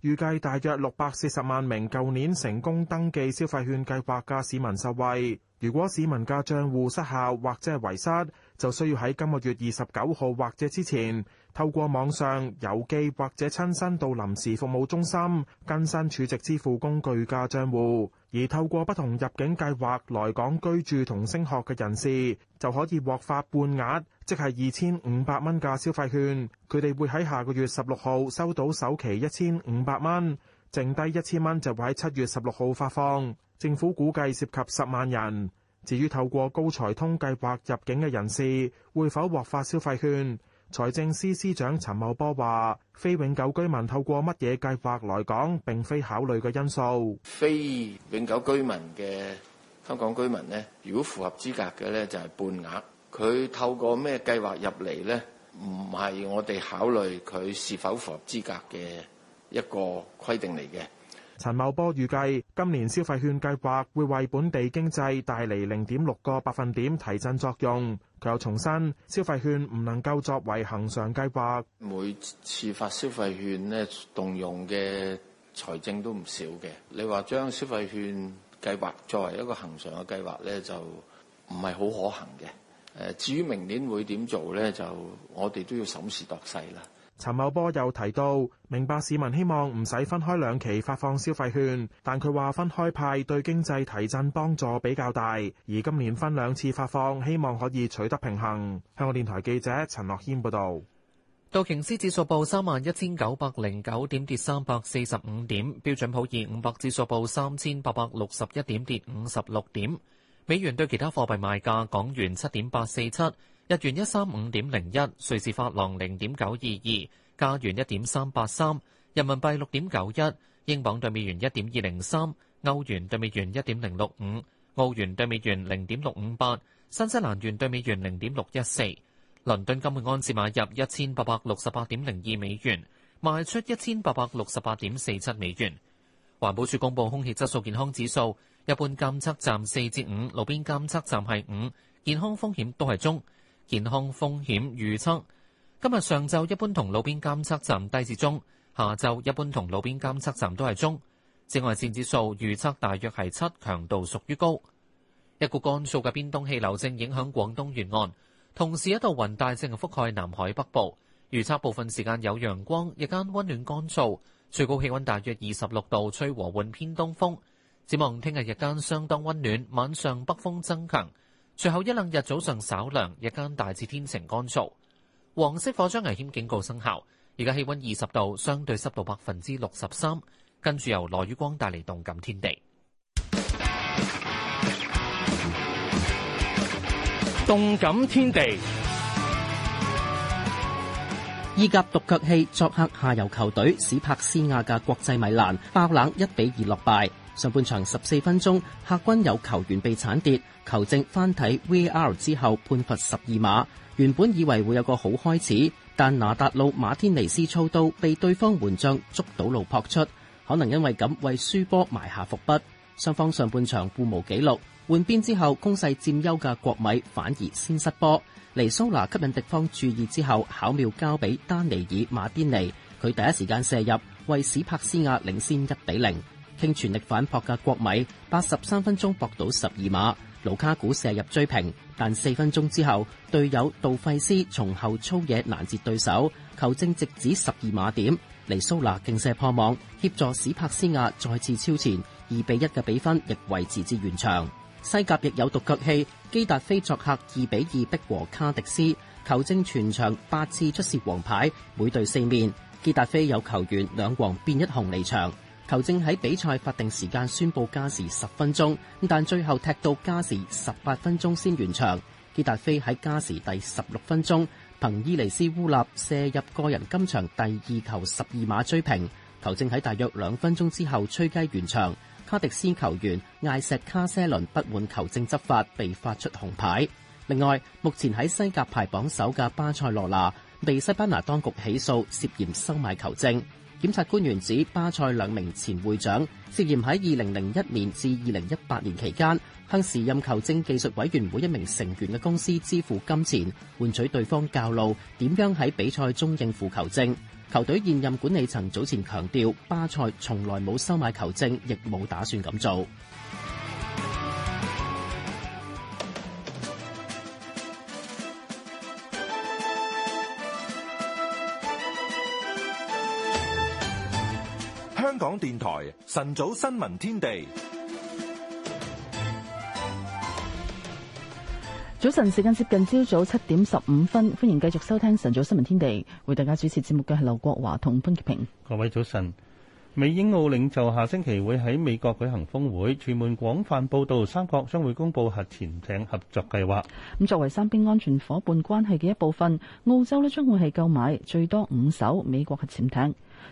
預計大約六百四十萬名舊年成功登記消費券計劃嘅市民受惠。如果市民嘅賬戶失效或者係遺失，就需要喺今個月二十九號或者之前，透過網上、郵寄或者親身到臨時服務中心更新儲值支付工具嘅賬戶，而透過不同入境計劃來港居住同升學嘅人士，就可以獲發半額，即係二千五百蚊嘅消費券。佢哋會喺下個月十六號收到首期一千五百蚊，剩低一千蚊就會喺七月十六號發放。政府估計涉及十萬人。至於透過高財通計劃入境嘅人士，會否獲發消費券？財政司司長陳茂波話：非永久居民透過乜嘢計劃來港，並非考慮嘅因素。非永久居民嘅香港居民呢，如果符合資格嘅咧，就係半額。佢透過咩計劃入嚟呢？唔係我哋考慮佢是否符合資格嘅一個規定嚟嘅。陳茂波預計今年消費券計劃會為本地經濟帶嚟零點六個百分點提振作用。佢又重申，消費券唔能夠作為恆常計劃。每次發消費券咧，動用嘅財政都唔少嘅。你話將消費券計劃作為一個恆常嘅計劃咧，就唔係好可行嘅。誒，至於明年會點做咧，就我哋都要審時度勢啦。陳茂波又提到，明白市民希望唔使分開兩期發放消費券，但佢話分開派對經濟提振幫助比較大，而今年分兩次發放，希望可以取得平衡。香港電台記者陳樂謙報導。道瓊斯指數報三萬一千九百零九點，跌三百四十五點；標準普爾五百指數報三千八百六十一點，跌五十六點。美元對其他貨幣賣價港元七點八四七。日元一三五點零一，瑞士法郎零點九二二，加元一點三八三，人民幣六點九一，英鎊對美元一點二零三，歐元對美元一點零六五，澳元對美元零點六五八，新西蘭元對美元零點六一四。倫敦金每安士買入一千八百六十八點零二美元，賣出一千八百六十八點四七美元。環保署公布空氣質素健康指數，一般監測站四至五，路邊監測站係五，健康風險都係中。健康風險預測，今日上晝一般同路邊監測站低至中，下晝一般同路邊監測站都係中。紫外線指數預測大約係七，強度屬於高。一股乾燥嘅偏東氣流正影響廣東沿岸，同時一道雲帶正覆蓋南海北部。預測部分時間有陽光，日間溫暖乾燥，最高氣溫大約二十六度，吹和緩偏東風。展望聽日日間相當溫暖，晚上北風增強。隨後一兩日早上稍涼，日間大致天晴乾燥。黃色火災危險警告生效，而家氣温二十度，相對濕度百分之六十三。跟住由羅宇光帶嚟動感天地。動感天地，意甲獨腳戲作客下游球隊史帕斯亞嘅國際米蘭爆冷一比二落敗。上半場十四分鐘，客軍有球員被剷跌，球證翻睇 VR 之後判罰十二碼。原本以為會有個好開始，但拿達路馬天尼斯操刀被對方援將捉到路撲出，可能因為咁為輸波埋下伏筆。雙方上半場互無紀錄，換邊之後攻勢佔優嘅國米反而先失波。尼蘇拿吸引敵方注意之後，巧妙交俾丹尼爾馬天尼，佢第一時間射入，為史帕斯亞領先一比零。傾全力反撲嘅國米，八十三分鐘搏到十二碼，盧卡古射入追平，但四分鐘之後，隊友杜費斯從後粗野攔截對手，球證直指十二碼點，尼蘇拿勁射破網，協助史帕斯亞再次超前，二比一嘅比分亦維持至完場。西甲亦有獨腳戲，基達菲作客二比二逼和卡迪斯，球證全場八次出示黃牌，每隊四面，基達菲有球員兩黃變一紅離場。球證喺比賽法定時間宣佈加時十分鐘，但最後踢到加時十八分鐘先完場。基達菲喺加時第十六分鐘，憑伊尼斯烏納射入個人今場第二球十二碼追平。球證喺大約兩分鐘之後吹雞完場。卡迪斯球員艾石卡西倫不滿球證執法，被發出紅牌。另外，目前喺西甲排榜首嘅巴塞羅那，被西班牙當局起訴涉嫌收買球證。檢察官員指巴塞兩名前會長涉嫌喺二零零一年至二零一八年期間，向時任球證技術委員會一名成員嘅公司支付金錢，換取對方教路，點樣喺比賽中應付球證。球隊現任管理層早前強調，巴塞從來冇收買球證，亦冇打算咁做。香港電台晨早新聞天地，早晨時間接近朝早七點十五分，歡迎繼續收聽晨早新聞天地。為大家主持節目嘅係劉國華同潘潔平。各位早晨，美英澳領袖下星期會喺美國舉行峰會，傳媒廣泛報道三國將會公布核潛艇合作計劃。咁作為三邊安全伙伴關係嘅一部分，澳洲咧將會係購買最多五艘美國核潛艇。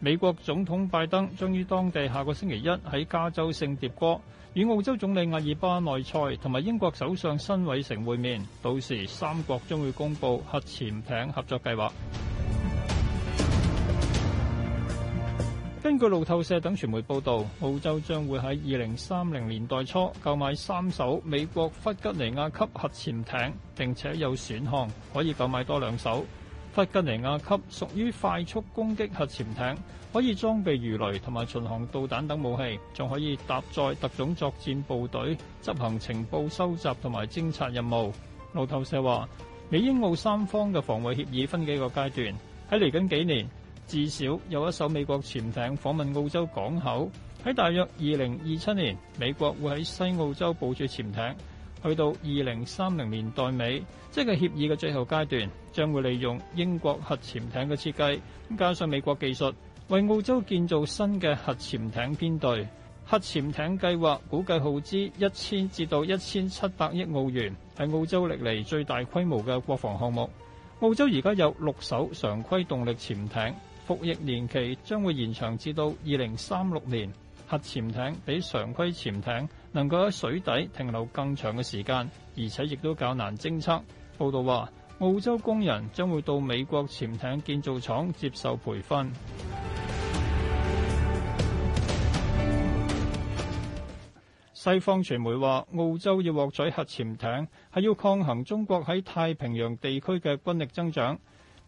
美國總統拜登將於當地下個星期一喺加州聖迭戈與澳洲總理阿爾巴內塞同埋英國首相辛偉誠會面，到時三國將會公布核潛艇合作計劃。根據路透社等傳媒報道，澳洲將會喺二零三零年代初購買三艘美國弗吉尼亞級核潛艇，並且有選項可以購買多兩艘。弗吉尼亞級屬於快速攻擊核潛艇，可以裝備魚雷同埋巡航導彈等武器，仲可以搭載特種作戰部隊執行情報收集同埋偵察任務。路透社話，美英澳三方嘅防衛協議分幾個階段，喺嚟緊幾年至少有一艘美國潛艇訪問澳洲港口，喺大約二零二七年，美國會喺西澳洲部署潛艇。去到二零三零年代尾，即係協議嘅最後階段，將會利用英國核潛艇嘅設計，加上美國技術，為澳洲建造新嘅核潛艇編隊。核潛艇計劃估計耗資一千至到一千七百億澳元，係澳洲歷嚟最大規模嘅國防項目。澳洲而家有六艘常規動力潛艇，服役年期將會延長至到二零三六年。核潛艇比常規潛艇能夠喺水底停留更長嘅時間，而且亦都較難偵測。報道話，澳洲工人將會到美國潛艇建造廠接受培訓。西方傳媒話，澳洲要獲取核潛艇，係要抗衡中國喺太平洋地區嘅軍力增長。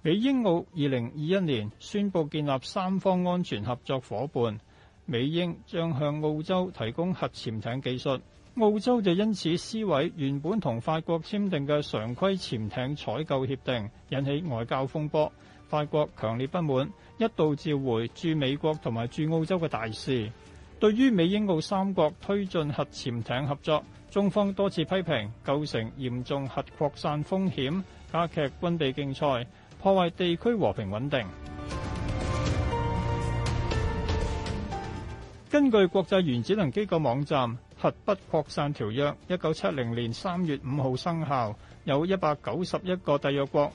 美英澳二零二一年宣布建立三方安全合作伙伴。美英將向澳洲提供核潛艇技術，澳洲就因此撕毀原本同法國簽訂嘅常規潛艇採購協定，引起外交風波。法國強烈不滿，一度召回駐美國同埋駐澳洲嘅大使。對於美英澳三國推進核潛艇合作，中方多次批評，構成嚴重核擴散風險，加劇軍備競賽，破壞地區和平穩定。根據國際原子能機構網站，《核不擴散條約》一九七零年三月五號生效，有一百九十一個締約國。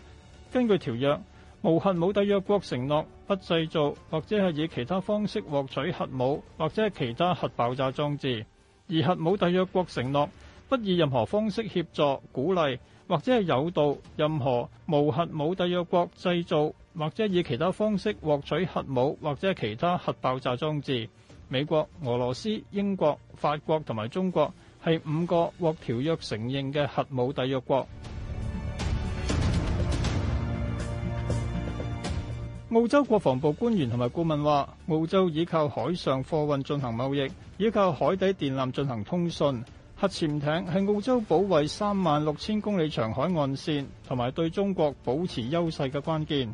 根據條約，無核武締約國承諾不製造或者係以其他方式獲取核武，或者係其他核爆炸裝置；而核武締約國承諾不以任何方式協助、鼓勵或者係誘導任何無核武締約國製造或者以其他方式獲取核武，或者係其他核爆炸裝置。美國、俄羅斯、英國、法國同埋中國係五個獲條約承認嘅核武締約國。澳洲國防部官員同埋顧問話：澳洲依靠海上貨運進行貿易，依靠海底電纜進行通訊。核潛艇係澳洲保衛三萬六千公里長海岸線同埋對中國保持優勢嘅關鍵。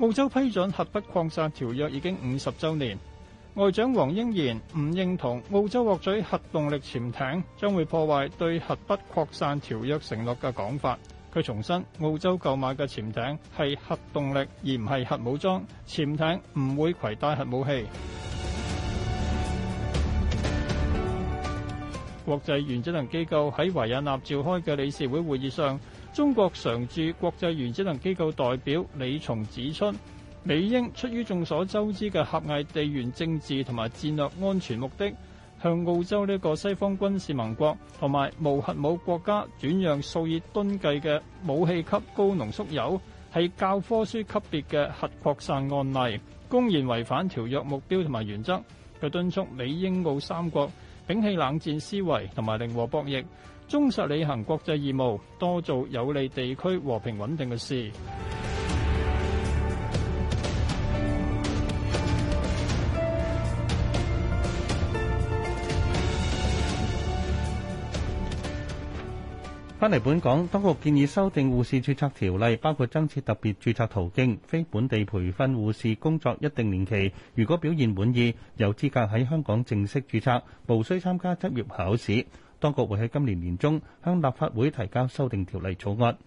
澳洲批准核不擴散條約已經五十周年。外長黃英賢唔認同澳洲獲取核動力潛艇將會破壞對核不擴散條約承諾嘅講法。佢重申澳洲購買嘅潛艇係核動力而唔係核武裝，潛艇唔會携帶核武器。國際原子能機構喺維也納召開嘅理事會會議上，中國常駐國際原子能機構代表李松指出。美英出於眾所周知嘅狹隘地緣政治同埋戰略安全目的，向澳洲呢個西方軍事盟國同埋無核武國家轉讓數以噸計嘅武器級高濃縮鈾，係教科書級別嘅核擴散案例，公然違反條約目標同埋原則，佢敦促美英澳三國摒棄冷戰思維同埋零和博弈，忠實履行國際義務，多做有利地區和平穩定嘅事。翻嚟本港，當局建議修訂護士註冊條例，包括增設特別註冊途徑，非本地培訓護士工作一定年期，如果表現滿意，有資格喺香港正式註冊，無需參加執業考試。當局會喺今年年中向立法會提交修訂條例草案。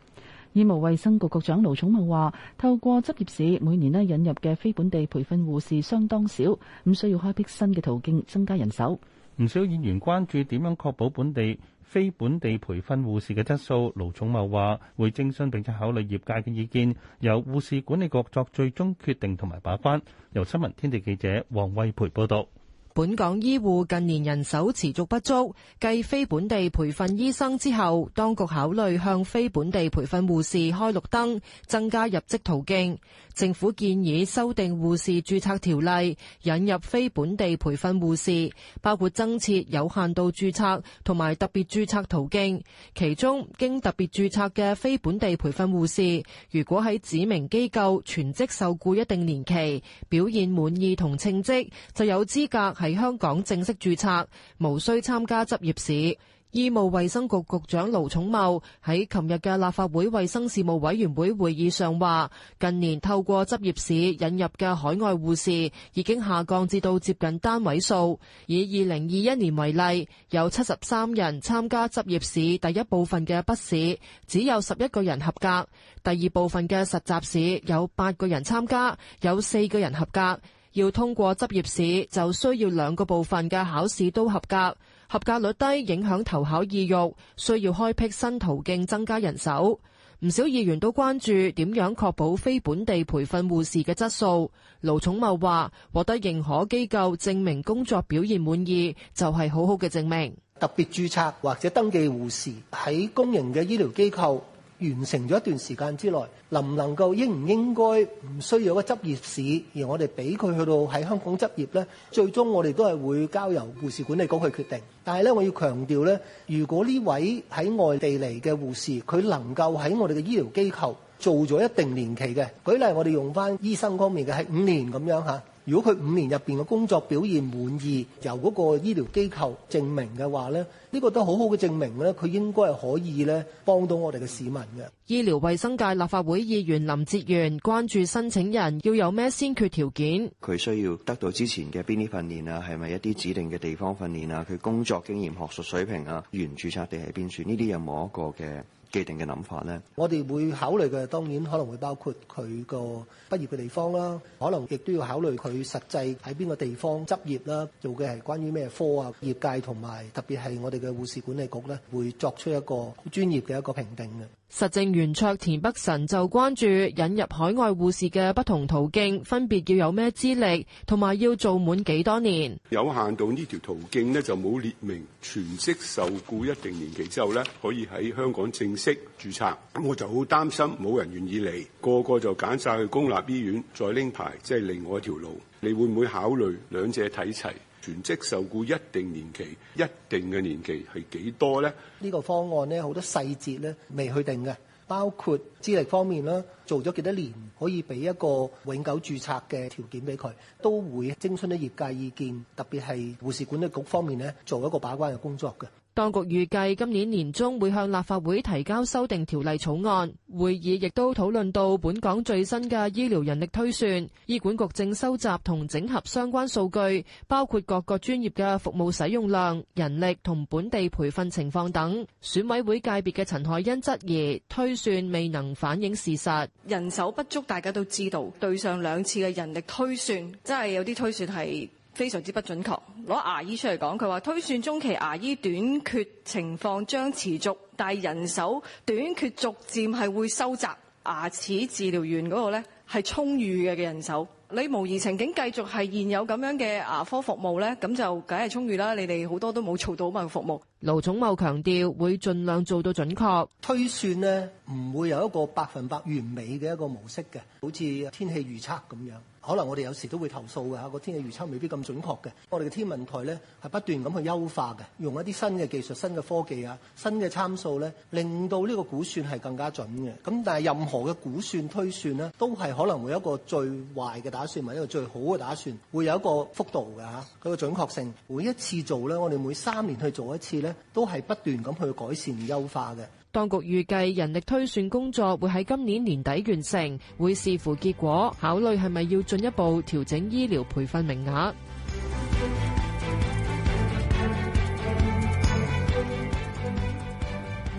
醫務衛生局局長盧寵茂話：透過執業試每年呢引入嘅非本地培訓護士相當少，咁需要開辟新嘅途徑增加人手。唔少議員關注點樣確保本地。非本地培訓護士嘅質素，盧寵茂話會徵詢並且考慮業界嘅意見，由護士管理局作最終決定同埋把關。由新聞天地記者黃惠培報道。本港醫護近年人手持續不足，繼非本地培訓醫生之後，當局考慮向非本地培訓護士開綠燈，增加入職途徑。政府建議修訂護士註冊條例，引入非本地培訓護士，包括增設有限度註冊同埋特別註冊途徑。其中，經特別註冊嘅非本地培訓護士，如果喺指明機構全職受僱一定年期，表現滿意同稱職，就有資格。喺香港正式註冊，無需參加執業試。醫務衛生局局長盧寵茂喺琴日嘅立法會衛生事務委員會會議上話，近年透過執業試引入嘅海外護士已經下降至到接近單位數。以二零二一年為例，有七十三人參加執業試第一部分嘅筆試，只有十一個人合格；第二部分嘅實習試有八個人參加，有四個人合格。要通過執業試，就需要兩個部分嘅考試都合格，合格率低影響投考意欲，需要開闢新途徑增加人手。唔少議員都關注點樣確保非本地培訓護士嘅質素。盧寵茂話：獲得認可機構證明工作表現滿意，就係、是、好好嘅證明。特別註冊或者登記護士喺公營嘅醫療機構。完成咗一段時間之內，能唔能夠應唔應該唔需要個執業試，而我哋俾佢去到喺香港執業呢？最終我哋都係會交由護士管理局去決定。但係咧，我要強調咧，如果呢位喺外地嚟嘅護士，佢能夠喺我哋嘅醫療機構做咗一定年期嘅，舉例我哋用返醫生方面嘅係五年咁樣吓。如果佢五年入邊嘅工作表現滿意，由嗰個醫療機構證明嘅話咧，呢個都好好嘅證明咧。佢應該係可以咧幫到我哋嘅市民嘅。醫療衛生界立法會議員林哲源關注申請人要有咩先決條件？佢需要得到之前嘅邊啲訓練啊？係咪一啲指定嘅地方訓練啊？佢工作經驗、學術水平啊、原註冊地係邊處，呢啲有冇一個嘅？既定嘅諗法咧，我哋會考慮嘅當然可能會包括佢個畢業嘅地方啦，可能亦都要考慮佢實際喺邊個地方執業啦，做嘅係關於咩科啊，業界同埋特別係我哋嘅護士管理局咧，會作出一個好專業嘅一個評定嘅。實政圓桌田北辰就關注引入海外護士嘅不同途徑，分別要有咩資歷，同埋要做滿幾多年。有限度呢條途徑呢，就冇列明全職受雇一定年期之後呢，可以喺香港正式註冊。咁我就好擔心冇人願意嚟，個個就揀晒去公立醫院再拎牌，即係另外一條路。你會唔會考慮兩者睇齊？全職受僱一定年期，一定嘅年期係幾多咧？呢個方案咧，好多細節咧未去定嘅，包括資歷方面啦，做咗幾多年可以俾一個永久註冊嘅條件俾佢，都會徵詢啲業界意見，特別係護士管理局方面咧，做一個把關嘅工作嘅。當局預計今年年中會向立法會提交修訂條例草案。會議亦都討論到本港最新嘅醫療人力推算，醫管局正收集同整合相關數據，包括各個專業嘅服務使用量、人力同本地培訓情況等。選委會界別嘅陳凱欣質疑推算未能反映事實，人手不足大家都知道，對上兩次嘅人力推算真係有啲推算係非常之不準確。攞牙醫出嚟講，佢話推算中期牙醫短缺情況將持續，但係人手短缺逐漸係會收窄。牙齒治療員嗰度咧係充裕嘅嘅人手。你模擬情景繼續係現有咁樣嘅牙科服務咧，咁就梗係充裕啦。你哋好多都冇做到咁嘅服務。盧寵茂強調會盡量做到準確推算咧，唔會有一個百分百完美嘅一個模式嘅，好似天氣預測咁樣。可能我哋有時都會投訴嘅嚇，個天氣預測未必咁準確嘅。我哋嘅天文台咧係不斷咁去優化嘅，用一啲新嘅技術、新嘅科技啊、新嘅參數咧，令到呢個估算係更加準嘅。咁但係任何嘅估算推算咧，都係可能會有一個最壞嘅打算，或者一個最好嘅打算，會有一個幅度嘅嚇。佢嘅準確性，每一次做咧，我哋每三年去做一次咧，都係不斷咁去改善優化嘅。當局預計人力推算工作會喺今年年底完成，會視乎結果考慮係咪要進一步調整醫療培訓名額。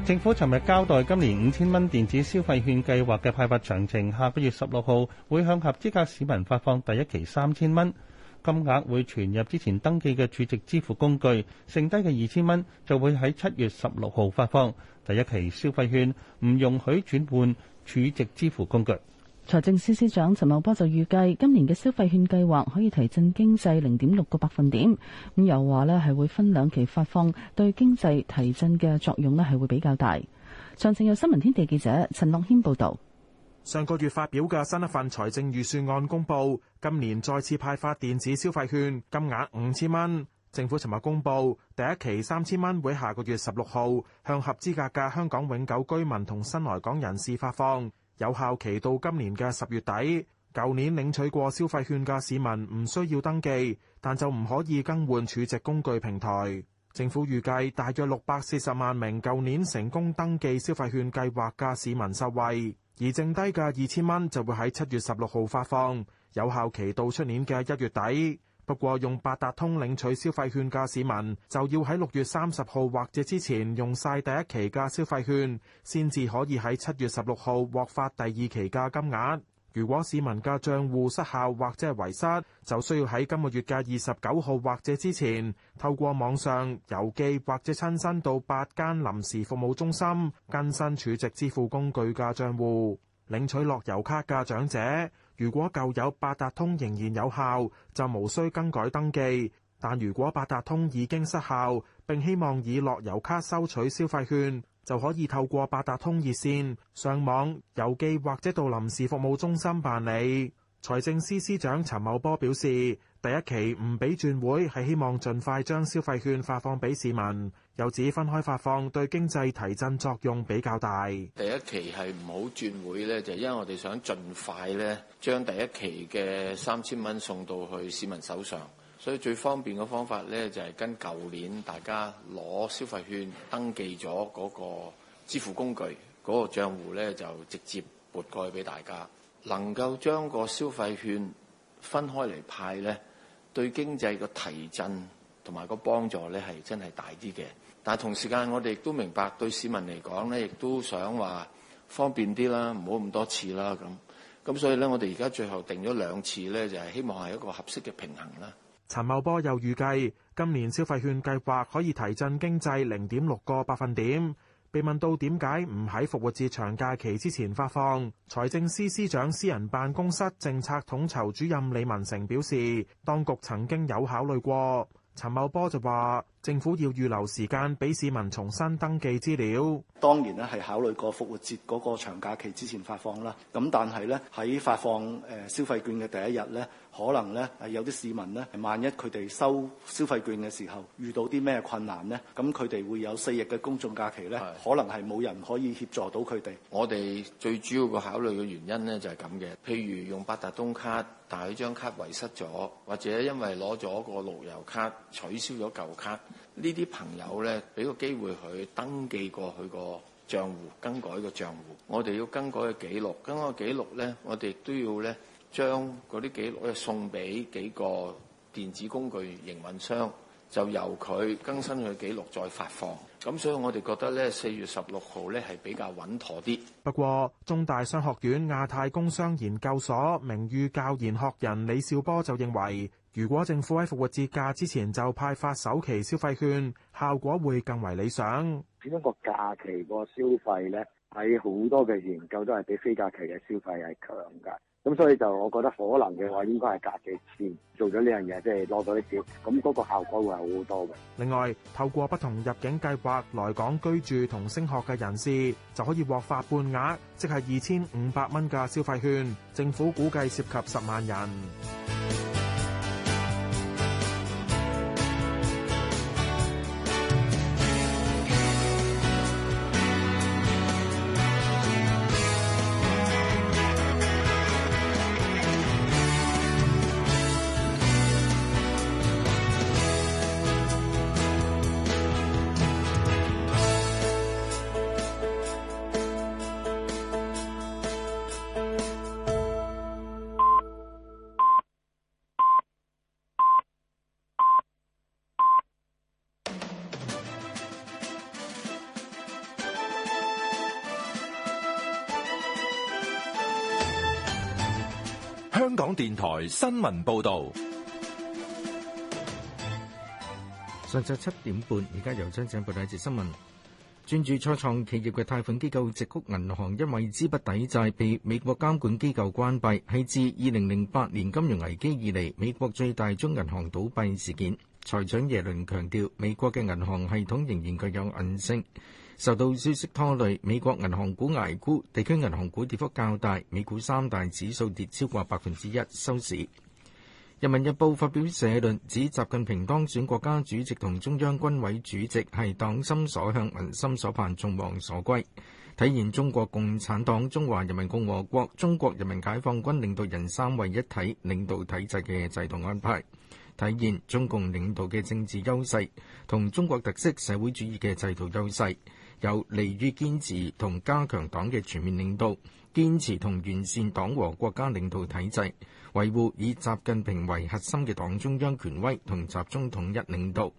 政府尋日交代今年五千蚊電子消費券計劃嘅派發詳情，下個月十六號會向合資格市民發放第一期三千蚊，金額會存入之前登記嘅儲值支付工具，剩低嘅二千蚊就會喺七月十六號發放。第一期消費券唔容許轉換儲值支付工具。財政司司長陳茂波就預計今年嘅消費券計劃可以提振經濟零點六個百分點。咁又話咧係會分兩期發放，對經濟提振嘅作用咧係會比較大。詳情有新聞天地記者陳樂軒報導。上個月發表嘅新一份財政預算案公佈，今年再次派發電子消費券，金額五千蚊。政府尋日公布，第一期三千蚊會下個月十六號向合資格嘅香港永久居民同新來港人士發放，有效期到今年嘅十月底。舊年領取過消費券嘅市民唔需要登記，但就唔可以更換儲值工具平台。政府預計大約六百四十萬名舊年成功登記消費券計劃嘅市民受惠，而剩低嘅二千蚊就會喺七月十六號發放，有效期到出年嘅一月底。不過，用八達通領取消費券嘅市民就要喺六月三十號或者之前用晒第一期嘅消費券，先至可以喺七月十六號獲發第二期嘅金額。如果市民嘅帳戶失效或者係遺失，就需要喺今個月嘅二十九號或者之前，透過網上、郵寄或者親身到八間臨時服務中心更新儲值支付工具嘅帳戶，領取樂悠卡嘅長者。如果舊有八達通仍然有效，就無需更改登記；但如果八達通已經失效，並希望以樂悠咭收取消費券，就可以透過八達通熱線、上網、郵寄或者到臨時服務中心辦理。財政司司長陳茂波表示，第一期唔俾轉會係希望盡快將消費券發放俾市民。又指分開發放對經濟提振作用比較大。第一期係唔好轉會咧，就因為我哋想盡快咧將第一期嘅三千蚊送到去市民手上，所以最方便嘅方法咧就係跟舊年大家攞消費券登記咗嗰個支付工具嗰個賬戶咧，就直接撥過去俾大家。能夠將個消費券分開嚟派咧，對經濟嘅提振同埋個幫助咧係真係大啲嘅。但同時間我哋亦都明白對市民嚟講咧，亦都想話方便啲啦，唔好咁多次啦咁。咁所以咧，我哋而家最後定咗兩次咧，就係希望係一個合適嘅平衡啦。陳茂波又預計今年消費券計劃可以提振經濟零點六個百分點，被問到點解唔喺復活節長假期之前發放，財政司司長私人辦公室政策統籌主任李文成表示，當局曾經有考慮過。陳茂波就話：政府要預留時間俾市民重新登記資料，當然咧係考慮過復活節嗰個長假期之前發放啦。咁但係咧喺發放誒消費券嘅第一日咧，可能咧誒有啲市民咧，萬一佢哋收消費券嘅時候遇到啲咩困難咧，咁佢哋會有四日嘅公眾假期咧，可能係冇人可以協助到佢哋。我哋最主要個考慮嘅原因咧就係咁嘅，譬如用八達通卡。但係張卡遺失咗，或者因為攞咗個路由卡取消咗舊卡，呢啲朋友咧，俾個機會佢登記過佢個賬戶，更改個賬戶，我哋要更改個記錄，更改個記錄咧，我哋都要咧將嗰啲記錄咧送俾幾個電子工具營運商。就由佢更新佢記錄再發放，咁所以我哋覺得咧四月十六號咧係比較穩妥啲。不過中大商學院亞太工商研究所名譽教研學人李兆波就認為，如果政府喺復活節假之前就派發首期消費券，效果會更為理想。始終個假期個消費咧，喺好多嘅研究都係比非假期嘅消費係強㗎。咁所以就，我覺得可能嘅話應該係隔幾天做咗呢樣嘢，即係攞到啲錢，咁個效果會係好多嘅。另外，透過不同入境計劃來港居住同升學嘅人士，就可以獲發半額，即係二千五百蚊嘅消費券。政府估計涉及十萬人。新聞報道，上晝七點半，而家由張政報道一節新聞，專注初創企業嘅貸款機構直谷銀行，因為資不抵債被美國監管機構關閉，係自二零零八年金融危機以嚟美國最大宗銀行倒閉事件。財長耶倫強調，美國嘅銀行系統仍然具有韌性。受到消息拖累，美國銀行股挨沽，地區銀行股跌幅較大，美股三大指數跌超過百分之一收市。《人民日報》發表社論指，習近平當選國家主席同中央軍委主席係黨心所向、民心所盼、眾望所歸，體現中國共產黨中華人民共和國中國人民解放軍領導人三位一體領導體制嘅制度安排，體現中共領導嘅政治優勢同中國特色社會主義嘅制度優勢。有利於堅持同加強黨嘅全面領導，堅持同完善黨和國家領導體制，維護以習近平為核心嘅黨中央權威同集中統一領導。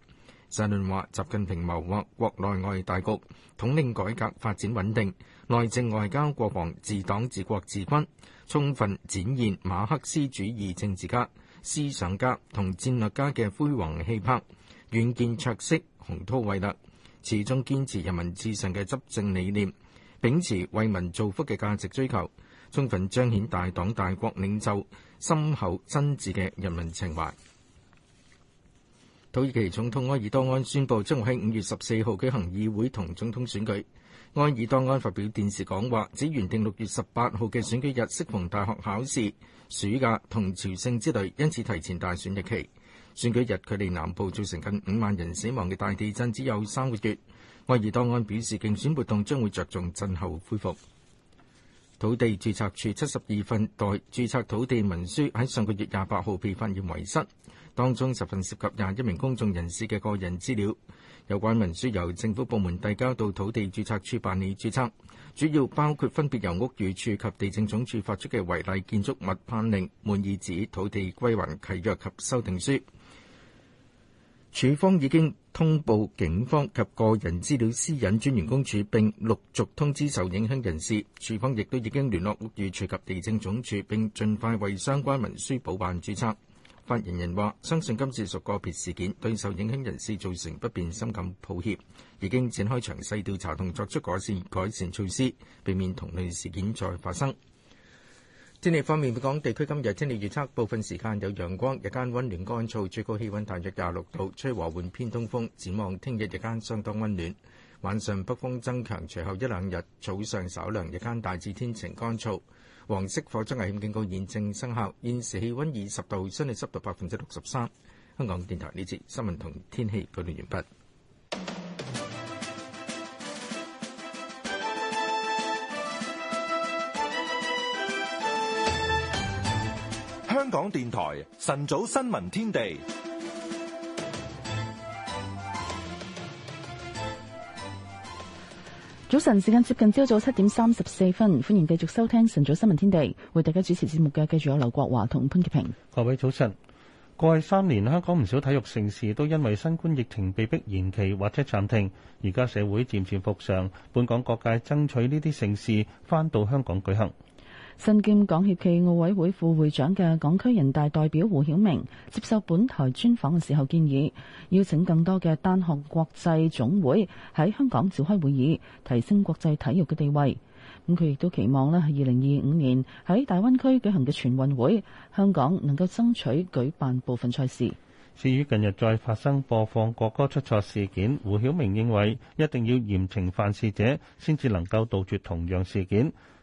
社論話：習近平謀劃國內外大局，統領改革發展穩定，內政外交國防，治黨治國治軍，充分展現馬克思主義政治家、思想家同戰略家嘅輝煌氣魄，遠見卓識，雄韜偉略。始終堅持人民至上嘅執政理念，秉持為民造福嘅價值追求，充分彰顯大黨大國領袖深厚真摯嘅人民情懷。土耳其總統埃爾多安宣布將會喺五月十四號舉行議會同總統選舉。埃爾多安發表電視講話，指原定六月十八號嘅選舉日適逢大學考試、暑假同朝聖之旅，因此提前大選日期。選舉日，距離南部造成近五萬人死亡嘅大地震只有三個月。愛兒當案表示，競選活動將會着重震後恢復。土地註冊處七十二份待註冊土地文書喺上個月廿八號被發現遺失，當中十份涉及廿一名公眾人士嘅個人資料。有關文書由政府部門遞交到土地註冊處辦理註冊，主要包括分別由屋宇署及地政總署發出嘅違例建築物判令、滿意紙土地歸還契約及修訂書。處方已經通報警方及個人資料私隱專員公署，並陸續通知受影響人士。處方亦都已經聯絡屋宇署及地政總署，並盡快為相關文書補辦註冊。發言人話：相信今次屬個別事件，對受影響人士造成不便，深感抱歉。已經展開詳細調查同作出改善改善措施，避免同類事件再發生。天氣方面，香港地區今日天氣預測，部分時間有陽光，日間温暖乾燥，最高氣溫大約廿六度，吹和緩偏東風。展望聽日日間相當温暖，晚上北風增強，隨後一兩日早上稍涼，日間大致天晴乾燥。黃色火災危險警告現正生效，現時氣溫二十度，相對濕度百分之六十三。香港電台呢節新聞同天氣報道完畢。港電台晨早新聞天地，早晨時間接近朝早七點三十四分，歡迎繼續收聽晨早新聞天地，為大家主持節目嘅，繼續有劉國華同潘潔平。各位早晨，過去三年，香港唔少體育盛事都因為新冠疫情被迫延期或者暫停，而家社會漸漸復常，本港各界爭取呢啲盛事翻到香港舉行。身兼港協暨奧委會副會長嘅港區人大代表胡曉明接受本台專訪嘅時候建議，邀請更多嘅單項國際總會喺香港召開會議，提升國際體育嘅地位。咁佢亦都期望呢，喺二零二五年喺大灣區舉行嘅全運會，香港能夠爭取舉辦部分賽事。至於近日再發生播放國歌出錯事件，胡曉明認為一定要嚴懲犯事者，先至能夠杜絕同樣事件。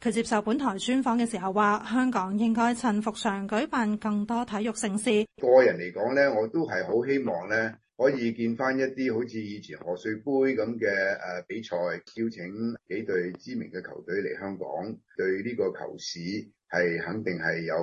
佢接受本台專訪嘅時候話，香港應該趁復常舉辦更多體育盛事。個人嚟講咧，我都係好希望咧，可以見翻一啲好似以前賀歲杯咁嘅誒比賽，邀請幾隊知名嘅球隊嚟香港，對呢個球市。係肯定係有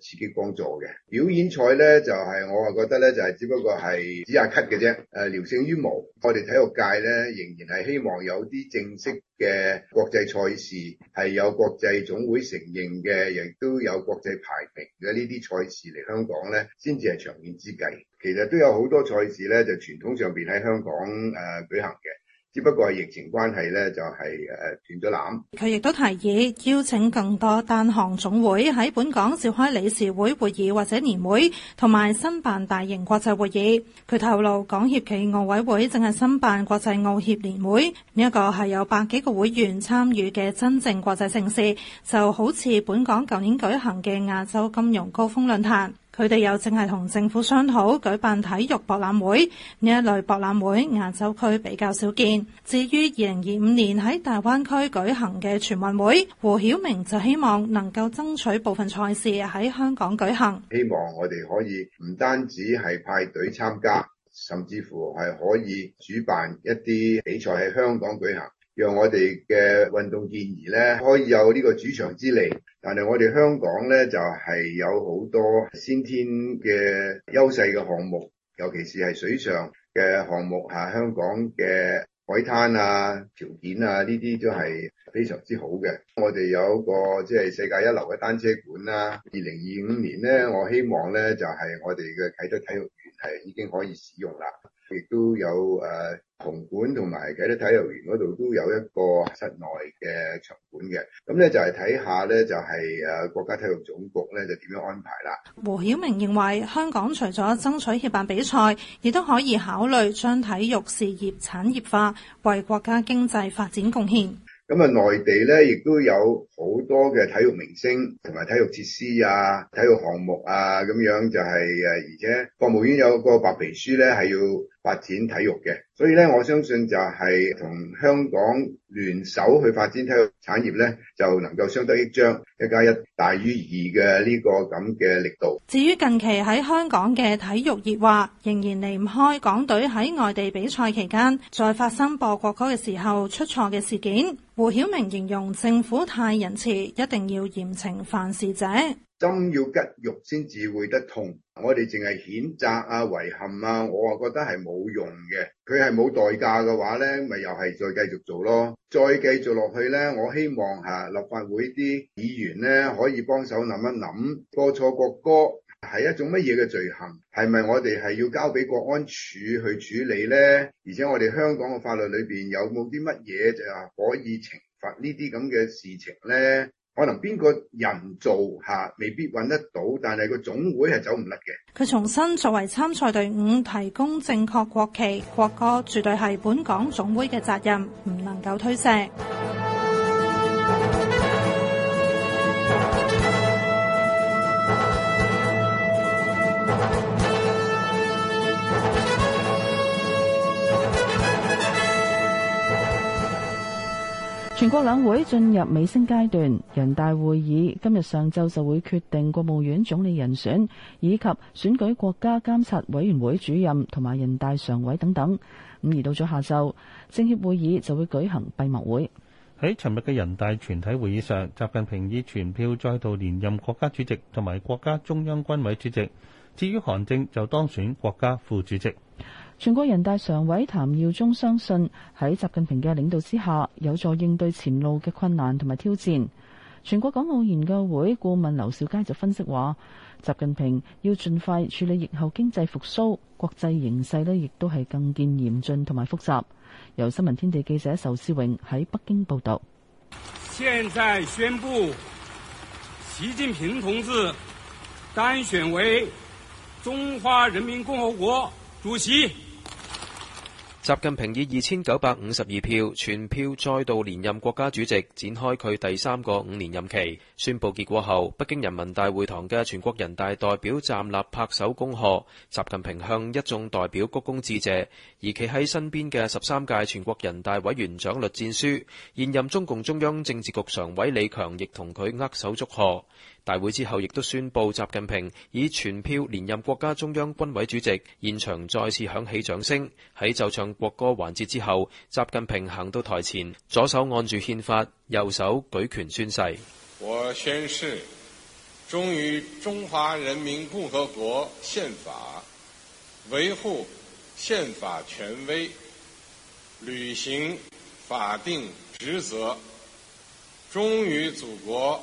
誒刺激幫助嘅。表演賽咧就係我啊覺得咧就係只不過係止下咳嘅啫，誒聊勝於無。我哋體育界咧仍然係希望有啲正式嘅國際賽事係有國際總會承認嘅，亦都有國際排名嘅呢啲賽事嚟香港咧，先至係長遠之計。其實都有好多賽事咧，就傳統上邊喺香港誒、啊、舉行嘅。只不過係疫情關係咧，就係、是、誒斷咗纜。佢亦都提議邀請更多單行總會喺本港召開理事會會議或者年會，同埋申辦大型國際會議。佢透露，港協企奧委會正係申辦國際奧協年會呢一個係有百幾個會員參與嘅真正國際盛事，就好似本港舊年舉行嘅亞洲金融高峰論壇。佢哋又正係同政府商討舉辦體育博覽會。呢一類博覽會，亞洲區比較少見。至於二零二五年喺大灣區舉行嘅全運會，胡曉明就希望能夠爭取部分賽事喺香港舉行。希望我哋可以唔單止係派隊參加，甚至乎係可以主辦一啲比賽喺香港舉行。讓我哋嘅運動健兒咧，可以有呢個主場之利。但係我哋香港咧，就係有好多先天嘅優勢嘅項目，尤其是係水上嘅項目吓，香港嘅海灘啊、條件啊呢啲都係非常之好嘅。我哋有一個即係世界一流嘅單車館啦。二零二五年咧，我希望咧就係我哋嘅啟德體育園係已經可以使用啦。亦都有誒，紅館同埋其啲體育園嗰度都有一個室內嘅場館嘅，咁咧就係、是、睇下咧就係、是、誒、啊、國家體育總局咧就點樣安排啦。胡曉明認為，香港除咗爭取協辦比賽，亦都可以考慮將體育事業產業化，為國家經濟發展貢獻。咁啊，內地咧亦都有。好多嘅體育明星同埋體育設施啊、體育項目啊，咁樣就係、是、誒,而且國務院有個白皮書咧，係要發展體育嘅，所以咧，我相信就係同香港聯手去發展體育產業咧，就能夠相得益彰，一加一大於二嘅呢個咁嘅力度。至於近期喺香港嘅體育熱話，仍然離唔開港隊喺外地比賽期間，再發生播國歌嘅時候出錯嘅事件。胡曉明形容政府太。人一定要嚴懲犯事者，針要吉肉先至會得痛。我哋淨係譴責啊、遺憾啊，我啊覺得係冇用嘅。佢係冇代價嘅話咧，咪又係再繼續做咯。再繼續落去咧，我希望吓、啊、立法會啲議員咧，可以幫手諗一諗，播錯國歌係一種乜嘢嘅罪行？係咪我哋係要交俾國安處去處理咧？而且我哋香港嘅法律裏邊有冇啲乜嘢就可以懲？呢啲咁嘅事情咧，可能邊個人做吓，未必搵得到，但係個總會係走唔甩嘅。佢重新作為參賽隊伍，提供正確國旗、國歌，絕對係本港總會嘅責任，唔能夠推卸。全國兩會進入尾聲階段，人大會議今日上晝就會決定國務院總理人選，以及選舉國家監察委員會主任同埋人大常委等等。咁而到咗下晝，政協會議就會舉行閉幕會。喺尋日嘅人大全體會議上，習近平以全票再度連任國家主席同埋國家中央軍委主席。至於韓正就當選國家副主席。全國人大常委譚耀宗相信喺習近平嘅領導之下，有助應對前路嘅困難同埋挑戰。全國港澳研究會顧問劉兆佳就分析話，習近平要盡快處理疫後經濟復蘇，國際形勢呢亦都係更見嚴峻同埋複雜。由新聞天地記者仇思永喺北京報道。現在宣布，習近平同志當選為中華人民共和國主席。.習近平以二千九百五十二票全票再度連任國家主席，展開佢第三個五年任期。宣布結果後，北京人民大會堂嘅全國人大代表站立拍手恭賀，習近平向一眾代表鞠躬致謝。而企喺身邊嘅十三屆全國人大委員長栗戰書、現任中共中央政治局常委李強亦同佢握手祝賀。大會之後，亦都宣布習近平以全票連任國家中央軍委主席，現場再次響起掌聲。喺奏唱國歌環節之後，習近平行到台前，左手按住憲法，右手舉拳宣誓：我宣誓，忠於中華人民共和國憲法，維護憲法權威，履行法定職責，忠於祖國。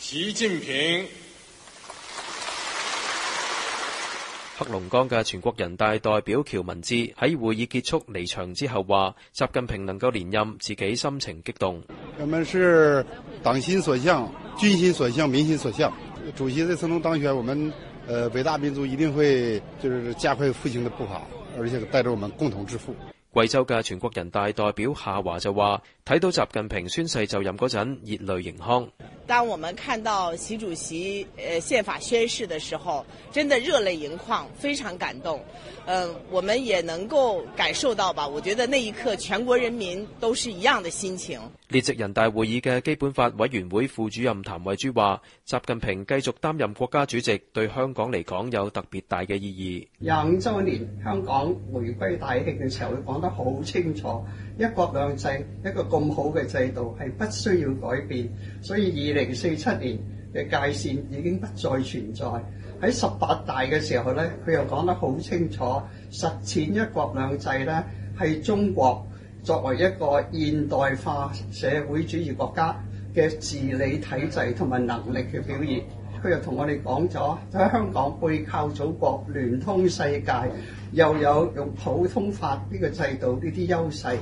習近平，黑龍江嘅全國人大代表喬文志喺會議結束離場之後話：習近平能夠連任，自己心情激動。我們是黨心所向、軍心所向、民心所向。主席在山東當選，我們，呃，偉大民族一定會就是加快復興的步伐，而且帶着我們共同致富。貴州嘅全國人大代表夏華就話。睇到習近平宣誓就任嗰陣，熱淚盈眶。當我們看到習主席誒憲法宣誓的時候，真的熱淚盈眶，非常感動。嗯、呃，我們也能夠感受到吧？我覺得那一刻，全國人民都是一樣的心情。列席人大會議嘅基本法委員會副主任譚惠珠話，習近平繼續擔任國家主席，對香港嚟講有特別大嘅意義。廿五週年香港回歸大慶嘅時候，佢講得好清楚。一國兩制，一個咁好嘅制度係不需要改變，所以二零四七年嘅界線已經不再存在。喺十八大嘅時候咧，佢又講得好清楚，實踐一國兩制咧，係中國作為一個現代化社會主義國家嘅治理體制同埋能力嘅表現。佢又同我哋講咗，喺香港背靠祖國，聯通世界，又有用普通法呢個制度呢啲優勢，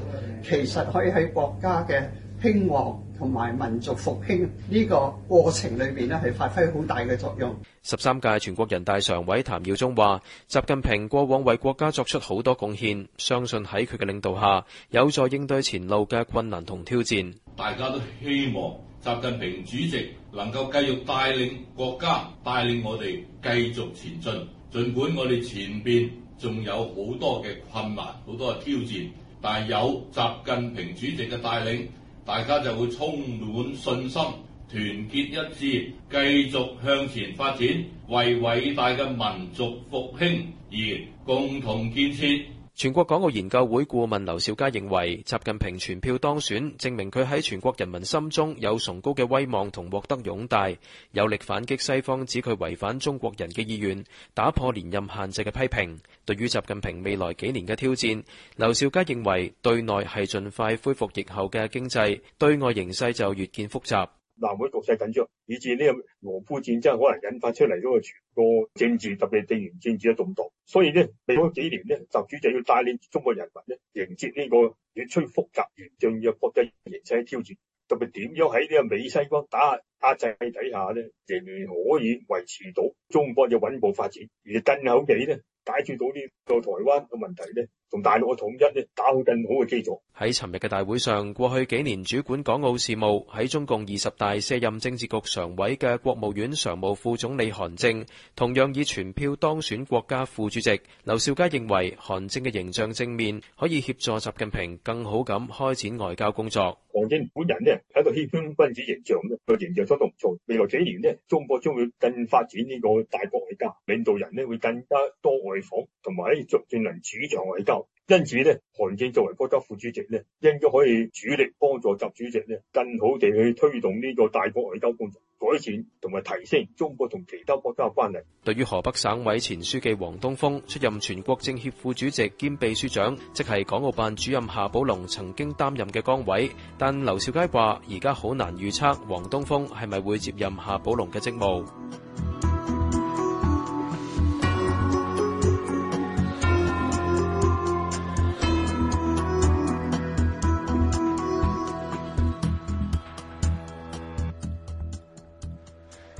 其實可以喺國家嘅興旺同埋民族復興呢個過程裏面呢，係發揮好大嘅作用。十三屆全國人大常委譚耀宗話，習近平過往為國家作出好多貢獻，相信喺佢嘅領導下，有助應對前路嘅困難同挑戰。大家都希望習近平主席，能夠繼續帶領國家、帶領我哋繼續前進，儘管我哋前面仲有好多嘅困難、好多嘅挑戰，但係有習近平主席嘅帶領，大家就會充滿信心、團結一致，繼續向前發展，為偉大嘅民族復興而共同建設。全國港澳研究會顧問劉兆佳認為，習近平全票當選，證明佢喺全國人民心中有崇高嘅威望同獲得擁戴，有力反擊西方指佢違反中國人嘅意願，打破連任限制嘅批評。對於習近平未來幾年嘅挑戰，劉兆佳認為，對內係盡快恢復疫後嘅經濟，對外形勢就越見複雜。南海局勢緊張，以至呢個俄烏戰爭可能引發出嚟嗰個全個政治，特別地緣政治嘅動盪。所以咧，未來幾年咧，習主席要帶領中國人民咧迎接呢個越趨複雜嚴峻嘅國際形勢挑戰，特別點樣喺呢個美西方打壓壓制底下咧，仍然可以維持到中國嘅穩步發展，而更口地咧，解決到呢個台灣嘅問題咧，同大陸嘅統一呢，打好更好嘅基礎。喺尋日嘅大會上，過去幾年主管港澳事務，喺中共二十大卸任政治局常委嘅國務院常務副總理韓正，同樣以全票當選國家副主席。劉兆佳認為韓正嘅形象正面，可以協助習近平更好咁開展外交工作。韓正本人呢，喺度謙謙君子形象咧，個形象相當唔錯。未來幾年呢，中國將會更發展呢個大國外交，領導人呢會更加多外訪，同埋喺逐漸能主場外交。因此咧，韓正作為國家副主席咧，應該可以主力幫助習主席咧，更好地去推動呢個大國外交工作，改善同埋提升中國同其他國家嘅關係。對於河北省委前書記王東峰出任全國政協副主席兼秘書長，即係港澳辦主任夏寶龍曾經擔任嘅崗位，但劉少佳話：而家好難預測王東峰係咪會接任夏寶龍嘅職務。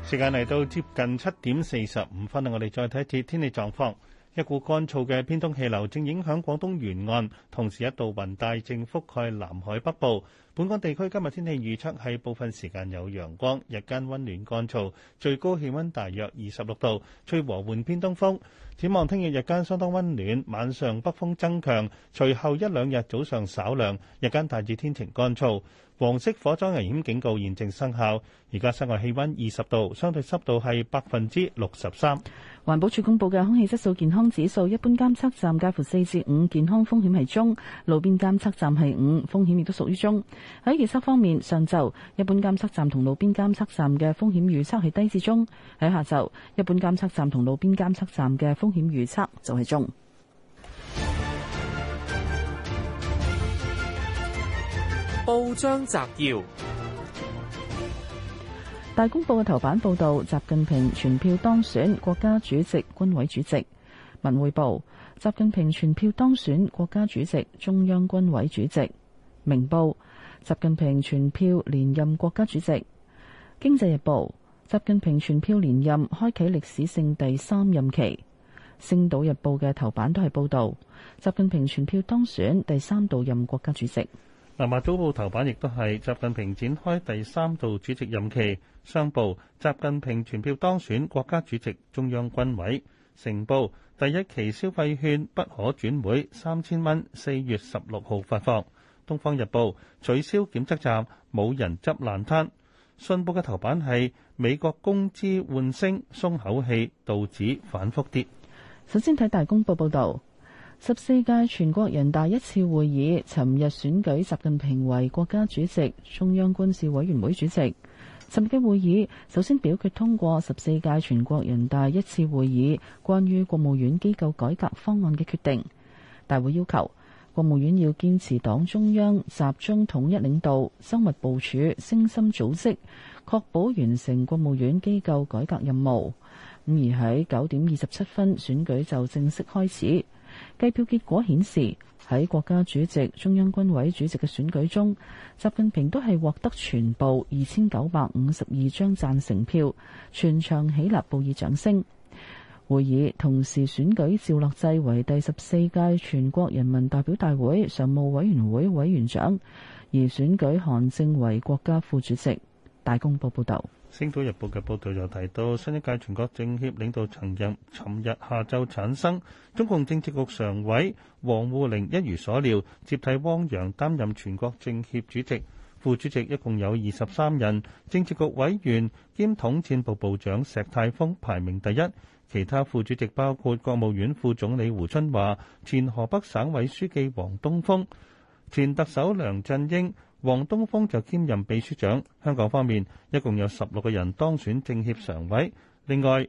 時間嚟到接近七點四十五分，我哋再睇一節天氣狀況。一股乾燥嘅偏東氣流正影響廣東沿岸，同時一道雲帶正覆蓋南海北部。本港地區今日天氣預測係部分時間有陽光，日間温暖乾燥，最高氣温大約二十六度，吹和緩偏東風。展望聽日日間相當温暖，晚上北風增強，隨後一兩日早上稍涼，日間大致天晴乾燥。黃色火災危險警告現正生效，而家室外氣温二十度，相對濕度係百分之六十三。環保署公布嘅空氣質素健康指數，一般監測站介乎四至五，健康風險係中；路邊監測站係五，風險亦都屬於中。喺預測方面，上晝一般監測站同路邊監測站嘅風險預測係低至中；喺下晝，一般監測站同路邊監測站嘅風險預測就係中。報章摘要：《大公報》嘅頭版報道，習近平全票當選國家主席、軍委主席。《文匯報》：習近平全票當選國家主席、中央軍委主席。《明報》：習近平全票連任國家主席。《經濟日報》：習近平全票連任，開啟歷史性第三任期。《星島日報》嘅頭版都係報道，習近平全票當選第三度任國家主席。《南華早報》頭版亦都係習近平展開第三度主席任期，商報習近平全票當選國家主席中央軍委，成報第一期消費券不可轉會三千蚊，四月十六號發放。《東方日報》取消檢測站，冇人執爛攤。《信報》嘅頭版係美國工資緩升，鬆口氣，道指反覆跌。首先睇大公報報道。十四屆全國人大一次會議尋日選舉習近平為國家主席、中央軍事委員會主席。尋日嘅會議首先表決通過十四屆全國人大一次會議關於國務院機構改革方案嘅決定。大會要求國務院要堅持黨中央集中統一領導，周密部署、精心組織，確保完成國務院機構改革任務。咁而喺九點二十七分選舉就正式開始。計票結果顯示，喺國家主席、中央軍委主席嘅選舉中，習近平都係獲得全部二千九百五十二張贊成票，全場起立報以掌聲。會議同時選舉趙樂際為第十四屆全國人民代表大會常務委員會委員長，而選舉韓正為國家副主席。大公報報道。《星島日報》嘅報導就提到，新一屆全國政協領導層任，尋日下晝產生。中共政治局常委王滬寧一如所料接替汪洋擔任全國政協主席，副主席一共有二十三人。政治局委員兼統戰部部長石泰峰排名第一，其他副主席包括國務院副總理胡春華、前河北省委書記王東峰、前特首梁振英。王東峰就兼任秘書長。香港方面一共有十六個人當選政協常委。另外，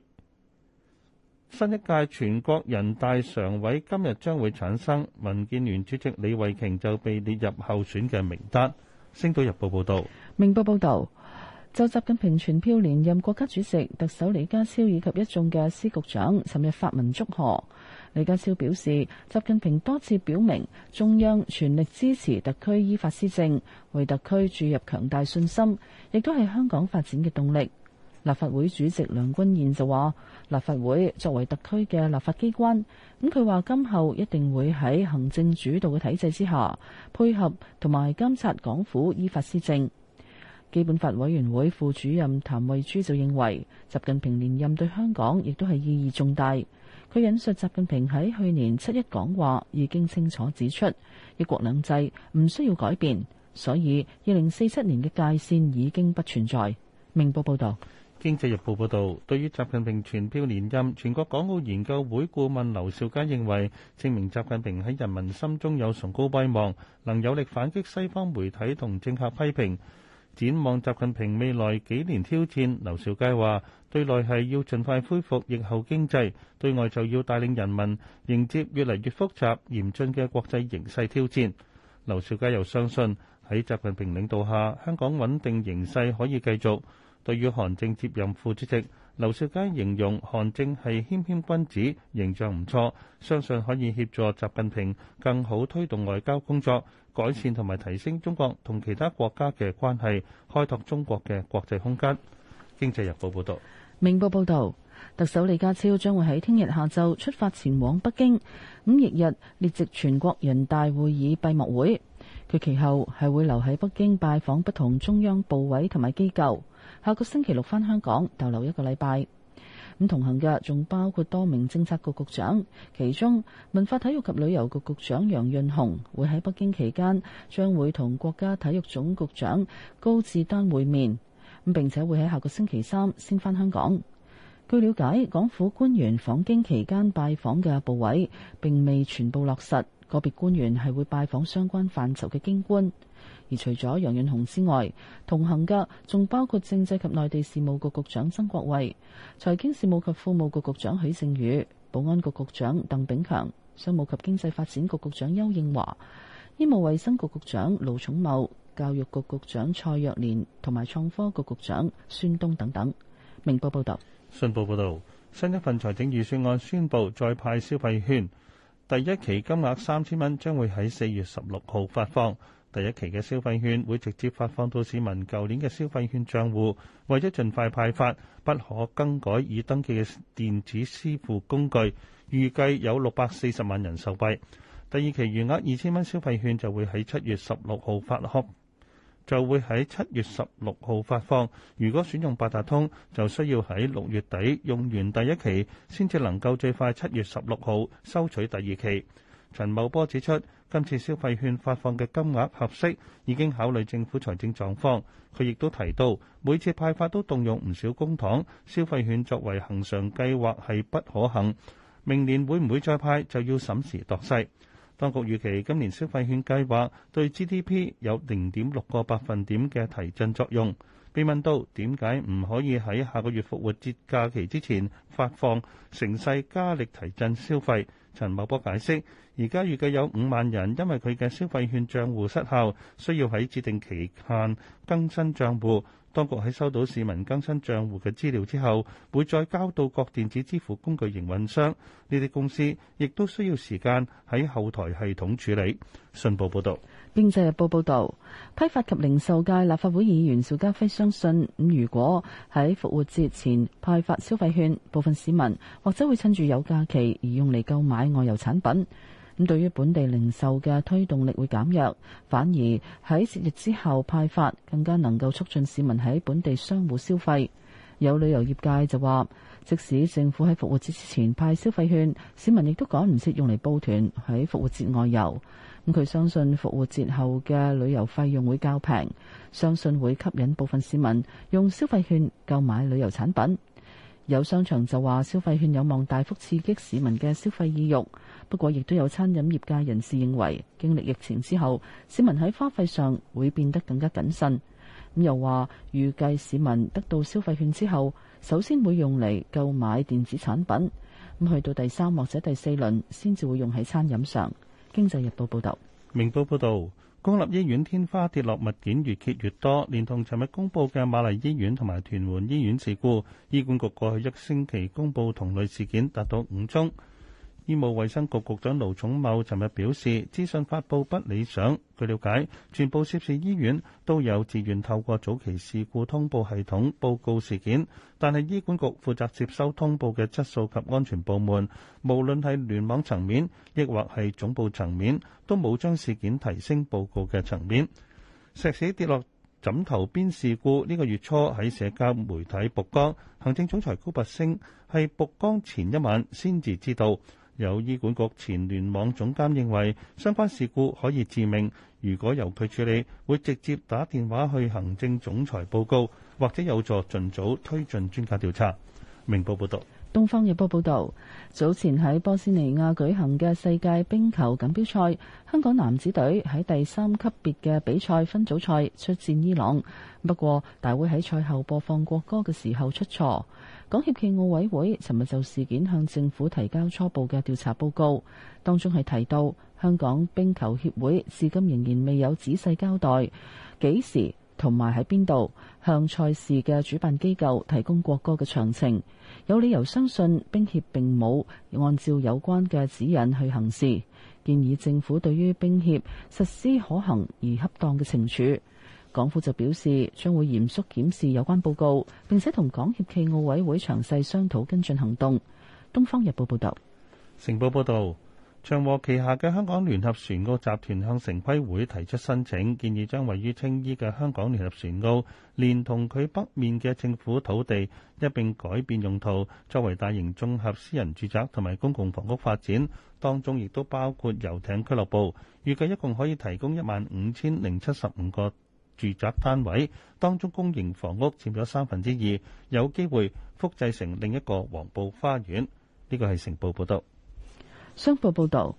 新一屆全國人大常委今日將會產生，民建聯主席李慧瓊就被列入候選嘅名單。星島日報報道，明報報道，就習近平全票連任國家主席，特首李家超以及一眾嘅司局長，尋日發文祝賀。李家超表示，習近平多次表明中央全力支持特區依法施政，為特區注入強大信心，亦都係香港發展嘅動力。立法會主席梁君彥就話立法會作為特區嘅立法機關，咁佢話今後一定會喺行政主導嘅體制之下，配合同埋監察港府依法施政。基本法委員會副主任譚惠珠就認為習近平連任對香港亦都係意義重大。佢引述習近平喺去年七一講話已經清楚指出，一國兩制唔需要改變，所以二零四七年嘅界線已經不存在。明報報道。經濟日報報道，對於習近平全票連任，全國港澳研究會顧問劉兆佳認為，證明習近平喺人民心中有崇高威望，能有力反擊西方媒體同政客批評。展望習近平未來幾年挑戰，劉少佳話對內係要盡快恢復疫後經濟，對外就要帶領人民迎接越嚟越複雜嚴峻嘅國際形勢挑戰，劉少佳又相信喺習近平領導下，香港穩定形勢可以繼續，對於韓正接任副主席，劉少佳形容韓正係謙謙君子，形象唔錯，相信可以協助習近平更好推動外交工作。改善同埋提升中國同其他國家嘅關係，開拓中國嘅國際空間。經濟日報報道，明報報道，特首李家超將會喺聽日下晝出發前往北京，五翌日列席全國人大會議閉幕會。佢其後係會留喺北京拜訪不同中央部委同埋機構，下個星期六返香港逗留一個禮拜。咁同行嘅仲包括多名政策局局長，其中文化體育及旅遊局局長楊潤雄會喺北京期間將會同國家體育總局局長高志丹會面咁，並且會喺下個星期三先翻香港。據了解，港府官員訪京期間拜訪嘅部位並未全部落實，個別官員係會拜訪相關範疇嘅京官。而除咗楊潤雄之外，同行嘅仲包括政制及內地事務局局長曾國衛、財經事務及庫務局局長許勝宇、保安局局長鄧炳強、商務及經濟發展局局長邱應華、醫務衛生局局長盧重茂、教育局局長蔡若蓮同埋創科局局長孫東等等。明報報道，信報報道，新一份財政預算案宣布再派消費券，第一期金額三千蚊，將會喺四月十六號發放。第一期嘅消費券會直接發放到市民舊年嘅消費券帳戶，為咗盡快派發，不可更改已登記嘅電子支付工具。預計有六百四十萬人受惠。第二期餘額二千蚊消費券就會喺七月十六號發，就會喺七月十六號發放。如果選用八達通，就需要喺六月底用完第一期，先至能夠最快七月十六號收取第二期。陳茂波指出。今次消費券發放嘅金額合適，已經考慮政府財政狀況。佢亦都提到，每次派發都動用唔少公帑，消費券作為恒常計劃係不可行。明年會唔會再派就要審時度勢。當局預期今年消費券計劃對 GDP 有零點六個百分點嘅提振作用。被問到點解唔可以喺下個月復活節假期之前發放，乘勢加力提振消費？陳茂波解釋，而家預計有五萬人因為佢嘅消費券賬戶失效，需要喺指定期限更新賬戶。當局喺收到市民更新賬戶嘅資料之後，會再交到各電子支付工具營運商。呢啲公司亦都需要時間喺後台系統處理。信報報道。經濟日報報道，批發及零售界立法會議員邵家輝相信，咁如果喺復活節前派發消費券，部分市民或者會趁住有假期而用嚟購買外遊產品。咁對於本地零售嘅推動力會減弱，反而喺節日之後派發更加能夠促進市民喺本地商戶消費。有旅遊業界就話，即使政府喺復活節之前派消費券，市民亦都趕唔切用嚟報團喺復活節外遊。佢相信復活節後嘅旅遊費用會較平，相信會吸引部分市民用消費券購買旅遊產品。有商場就話，消費券有望大幅刺激市民嘅消費意慾。不過，亦都有餐飲業界人士認為，經歷疫情之後，市民喺花費上會變得更加謹慎。咁又話，預計市民得到消費券之後，首先會用嚟購買電子產品，咁去到第三或者第四輪，先至會用喺餐飲上。經濟日報報道，明報報道，公立醫院天花跌落物件越揭越多，連同尋日公布嘅瑪麗醫院同埋屯門醫院事故，醫管局過去一星期公布同類事件達到五宗。醫務衛生局局長盧寵茂尋日表示，資訊發布不理想。據了解，全部涉事醫院都有自願透過早期事故通報系統報告事件，但係醫管局負責接收通報嘅質素及安全部門，無論係聯網層面，亦或係總部層面，都冇將事件提升報告嘅層面。石屎跌落枕頭邊事故呢個月初喺社交媒體曝光，行政總裁高拔陞係曝光前一晚先至知道。有醫管局前聯網總監認為，相關事故可以致命。如果由佢處理，會直接打電話去行政總裁報告，或者有助盡早推進專家調查。明報報道：「東方日報報道，早前喺波斯尼亞舉行嘅世界冰球錦標賽，香港男子隊喺第三級別嘅比賽分組賽出戰伊朗。不過，大會喺賽後播放國歌嘅時候出錯。港協暨奧委會尋日就事件向政府提交初步嘅調查報告，當中係提到香港冰球協會至今仍然未有仔細交代幾時同埋喺邊度向賽事嘅主辦機構提供國歌嘅詳情，有理由相信冰協並冇按照有關嘅指引去行事，建議政府對於冰協實施可行而恰當嘅懲處。港府就表示，將會嚴肅檢視有關報告，並且同港協暨奧委會詳細商討跟進行動。東方日報報道，成報報道，長和旗下嘅香港聯合船澳集團向城規會提出申請，建議將位於青衣嘅香港聯合船澳連同佢北面嘅政府土地一併改變用途，作為大型綜合私人住宅同埋公共房屋發展，當中亦都包括遊艇俱樂部。預計一共可以提供一萬五千零七十五個。住宅單位當中公營房屋佔咗三分之二，有機會複製成另一個黃埔花園。呢、這個係成報報導，商報報導。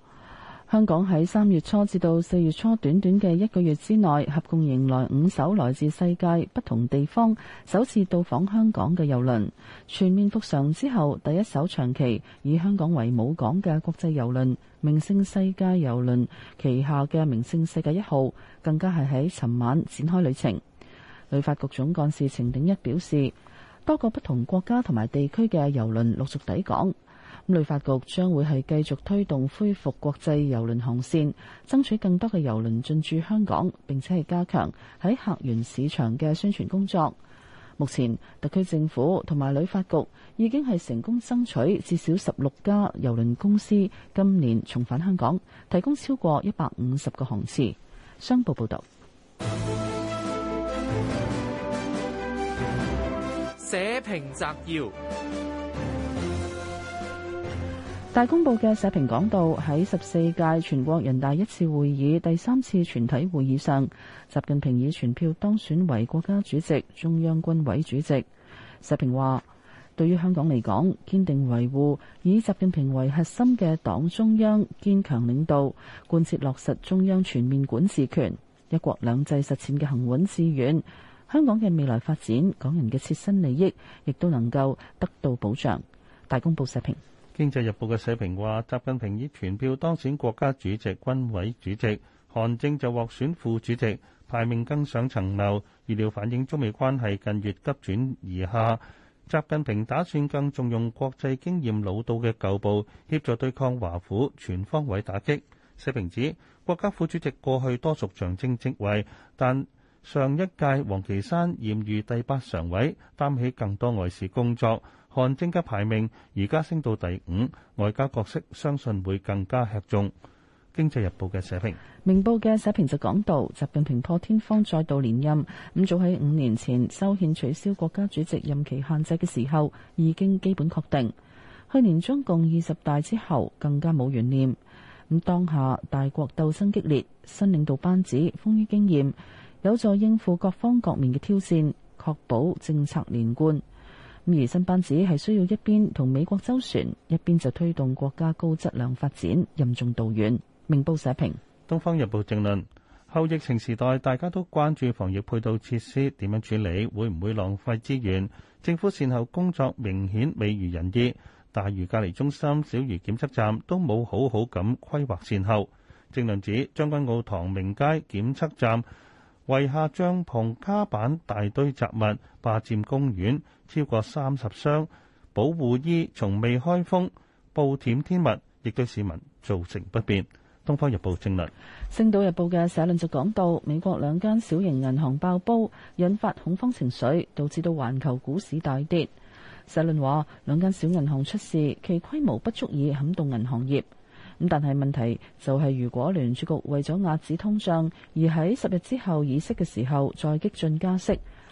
香港喺三月初至到四月初短短嘅一個月之內，合共迎來五艘來自世界不同地方、首次到訪香港嘅郵輪。全面復常之後，第一艘長期以香港為母港嘅國際郵輪明星世界郵輪旗下嘅明星世界一號，更加係喺尋晚展開旅程。旅發局總幹事程鼎一表示，多個不同國家同埋地區嘅郵輪陸續抵港。旅發局將會係繼續推動恢復國際郵輪航線，爭取更多嘅郵輪進駐香港，並且係加強喺客源市場嘅宣傳工作。目前，特區政府同埋旅發局已經係成功爭取至少十六家郵輪公司今年重返香港，提供超過一百五十個航次。商報報道。社評摘要。大公報嘅社評講到，喺十四屆全國人大一次會議第三次全體會議上，習近平以全票當選為國家主席、中央軍委主席。社評話，對於香港嚟講，堅定維護以習近平為核心嘅黨中央堅強領導，貫徹落實中央全面管治權，一國兩制實踐嘅行穩致遠，香港嘅未來發展，港人嘅切身利益，亦都能夠得到保障。大公報社評。《經濟日報》嘅社評話：習近平以全票當選國家主席、軍委主席，韓正就獲選副主席，排名更上層樓，預料反映中美關係近月急轉而下。習近平打算更重用國際經驗老道嘅舊部，協助對抗華府全方位打擊。社評指，國家副主席過去多屬長征職位，但上一屆王岐山儼如第八常委擔起更多外事工作。韓正嘅排名，而家升到第五，外交角色相信會更加吃重。《經濟日報》嘅社評，明報嘅社評就講到，習近平破天荒再度連任，咁早喺五年前修憲取消國家主席任期限制嘅時候，已經基本確定。去年中共二十大之後，更加冇懸念。咁當下大國鬥爭激烈，新領導班子富於經驗，有助應付各方各面嘅挑戰，確保政策連貫。而新班子係需要一邊同美國周旋，一邊就推動國家高質量發展，任重道遠。明報社評東方日報政論後疫情時代，大家都關注防疫配套設施點樣處理，會唔會浪費資源？政府善後工作明顯未如人意，大如隔離中心，小如檢測站，都冇好好咁規劃善後。政論指將軍澳唐明街檢測站遺下帳篷、卡板、大堆雜物霸占公園。超過三十箱保護衣從未開封，暴殄天物亦對市民造成不便。《東方日報》正論，《星島日報》嘅社論就講到，美國兩間小型銀行爆煲，引發恐慌情緒，導致到環球股市大跌。社論話兩間小銀行出事，其規模不足以撼動銀行業。咁但係問題就係，如果聯儲局為咗壓制通脹，而喺十日之後議息嘅時候再激進加息。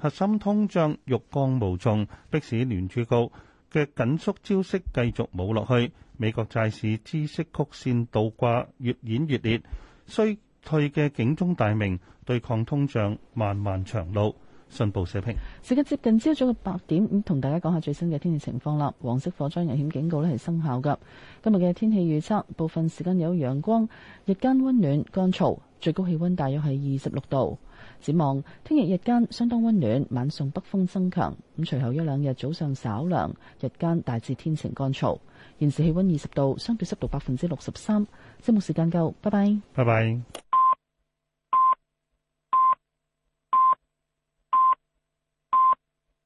核心通脹欲降無縱，迫使聯儲局嘅緊縮招式繼續冇落去。美國債市孳息曲線倒掛越演越烈，衰退嘅警鐘大鳴，對抗通脹漫漫長路。信報社評。時刻接近朝早嘅八點，同大家講下最新嘅天氣情況啦。黃色火災危險警告呢係生效㗎。今日嘅天氣預測，部分時間有陽光，日間温暖乾燥，最高氣温大約係二十六度。展望聽日日間相當溫暖，晚上北風增強。咁隨後一兩日早上稍涼，日間大致天晴乾燥。現時氣溫二十度，相對濕度百分之六十三。節目時間夠，拜拜。拜拜。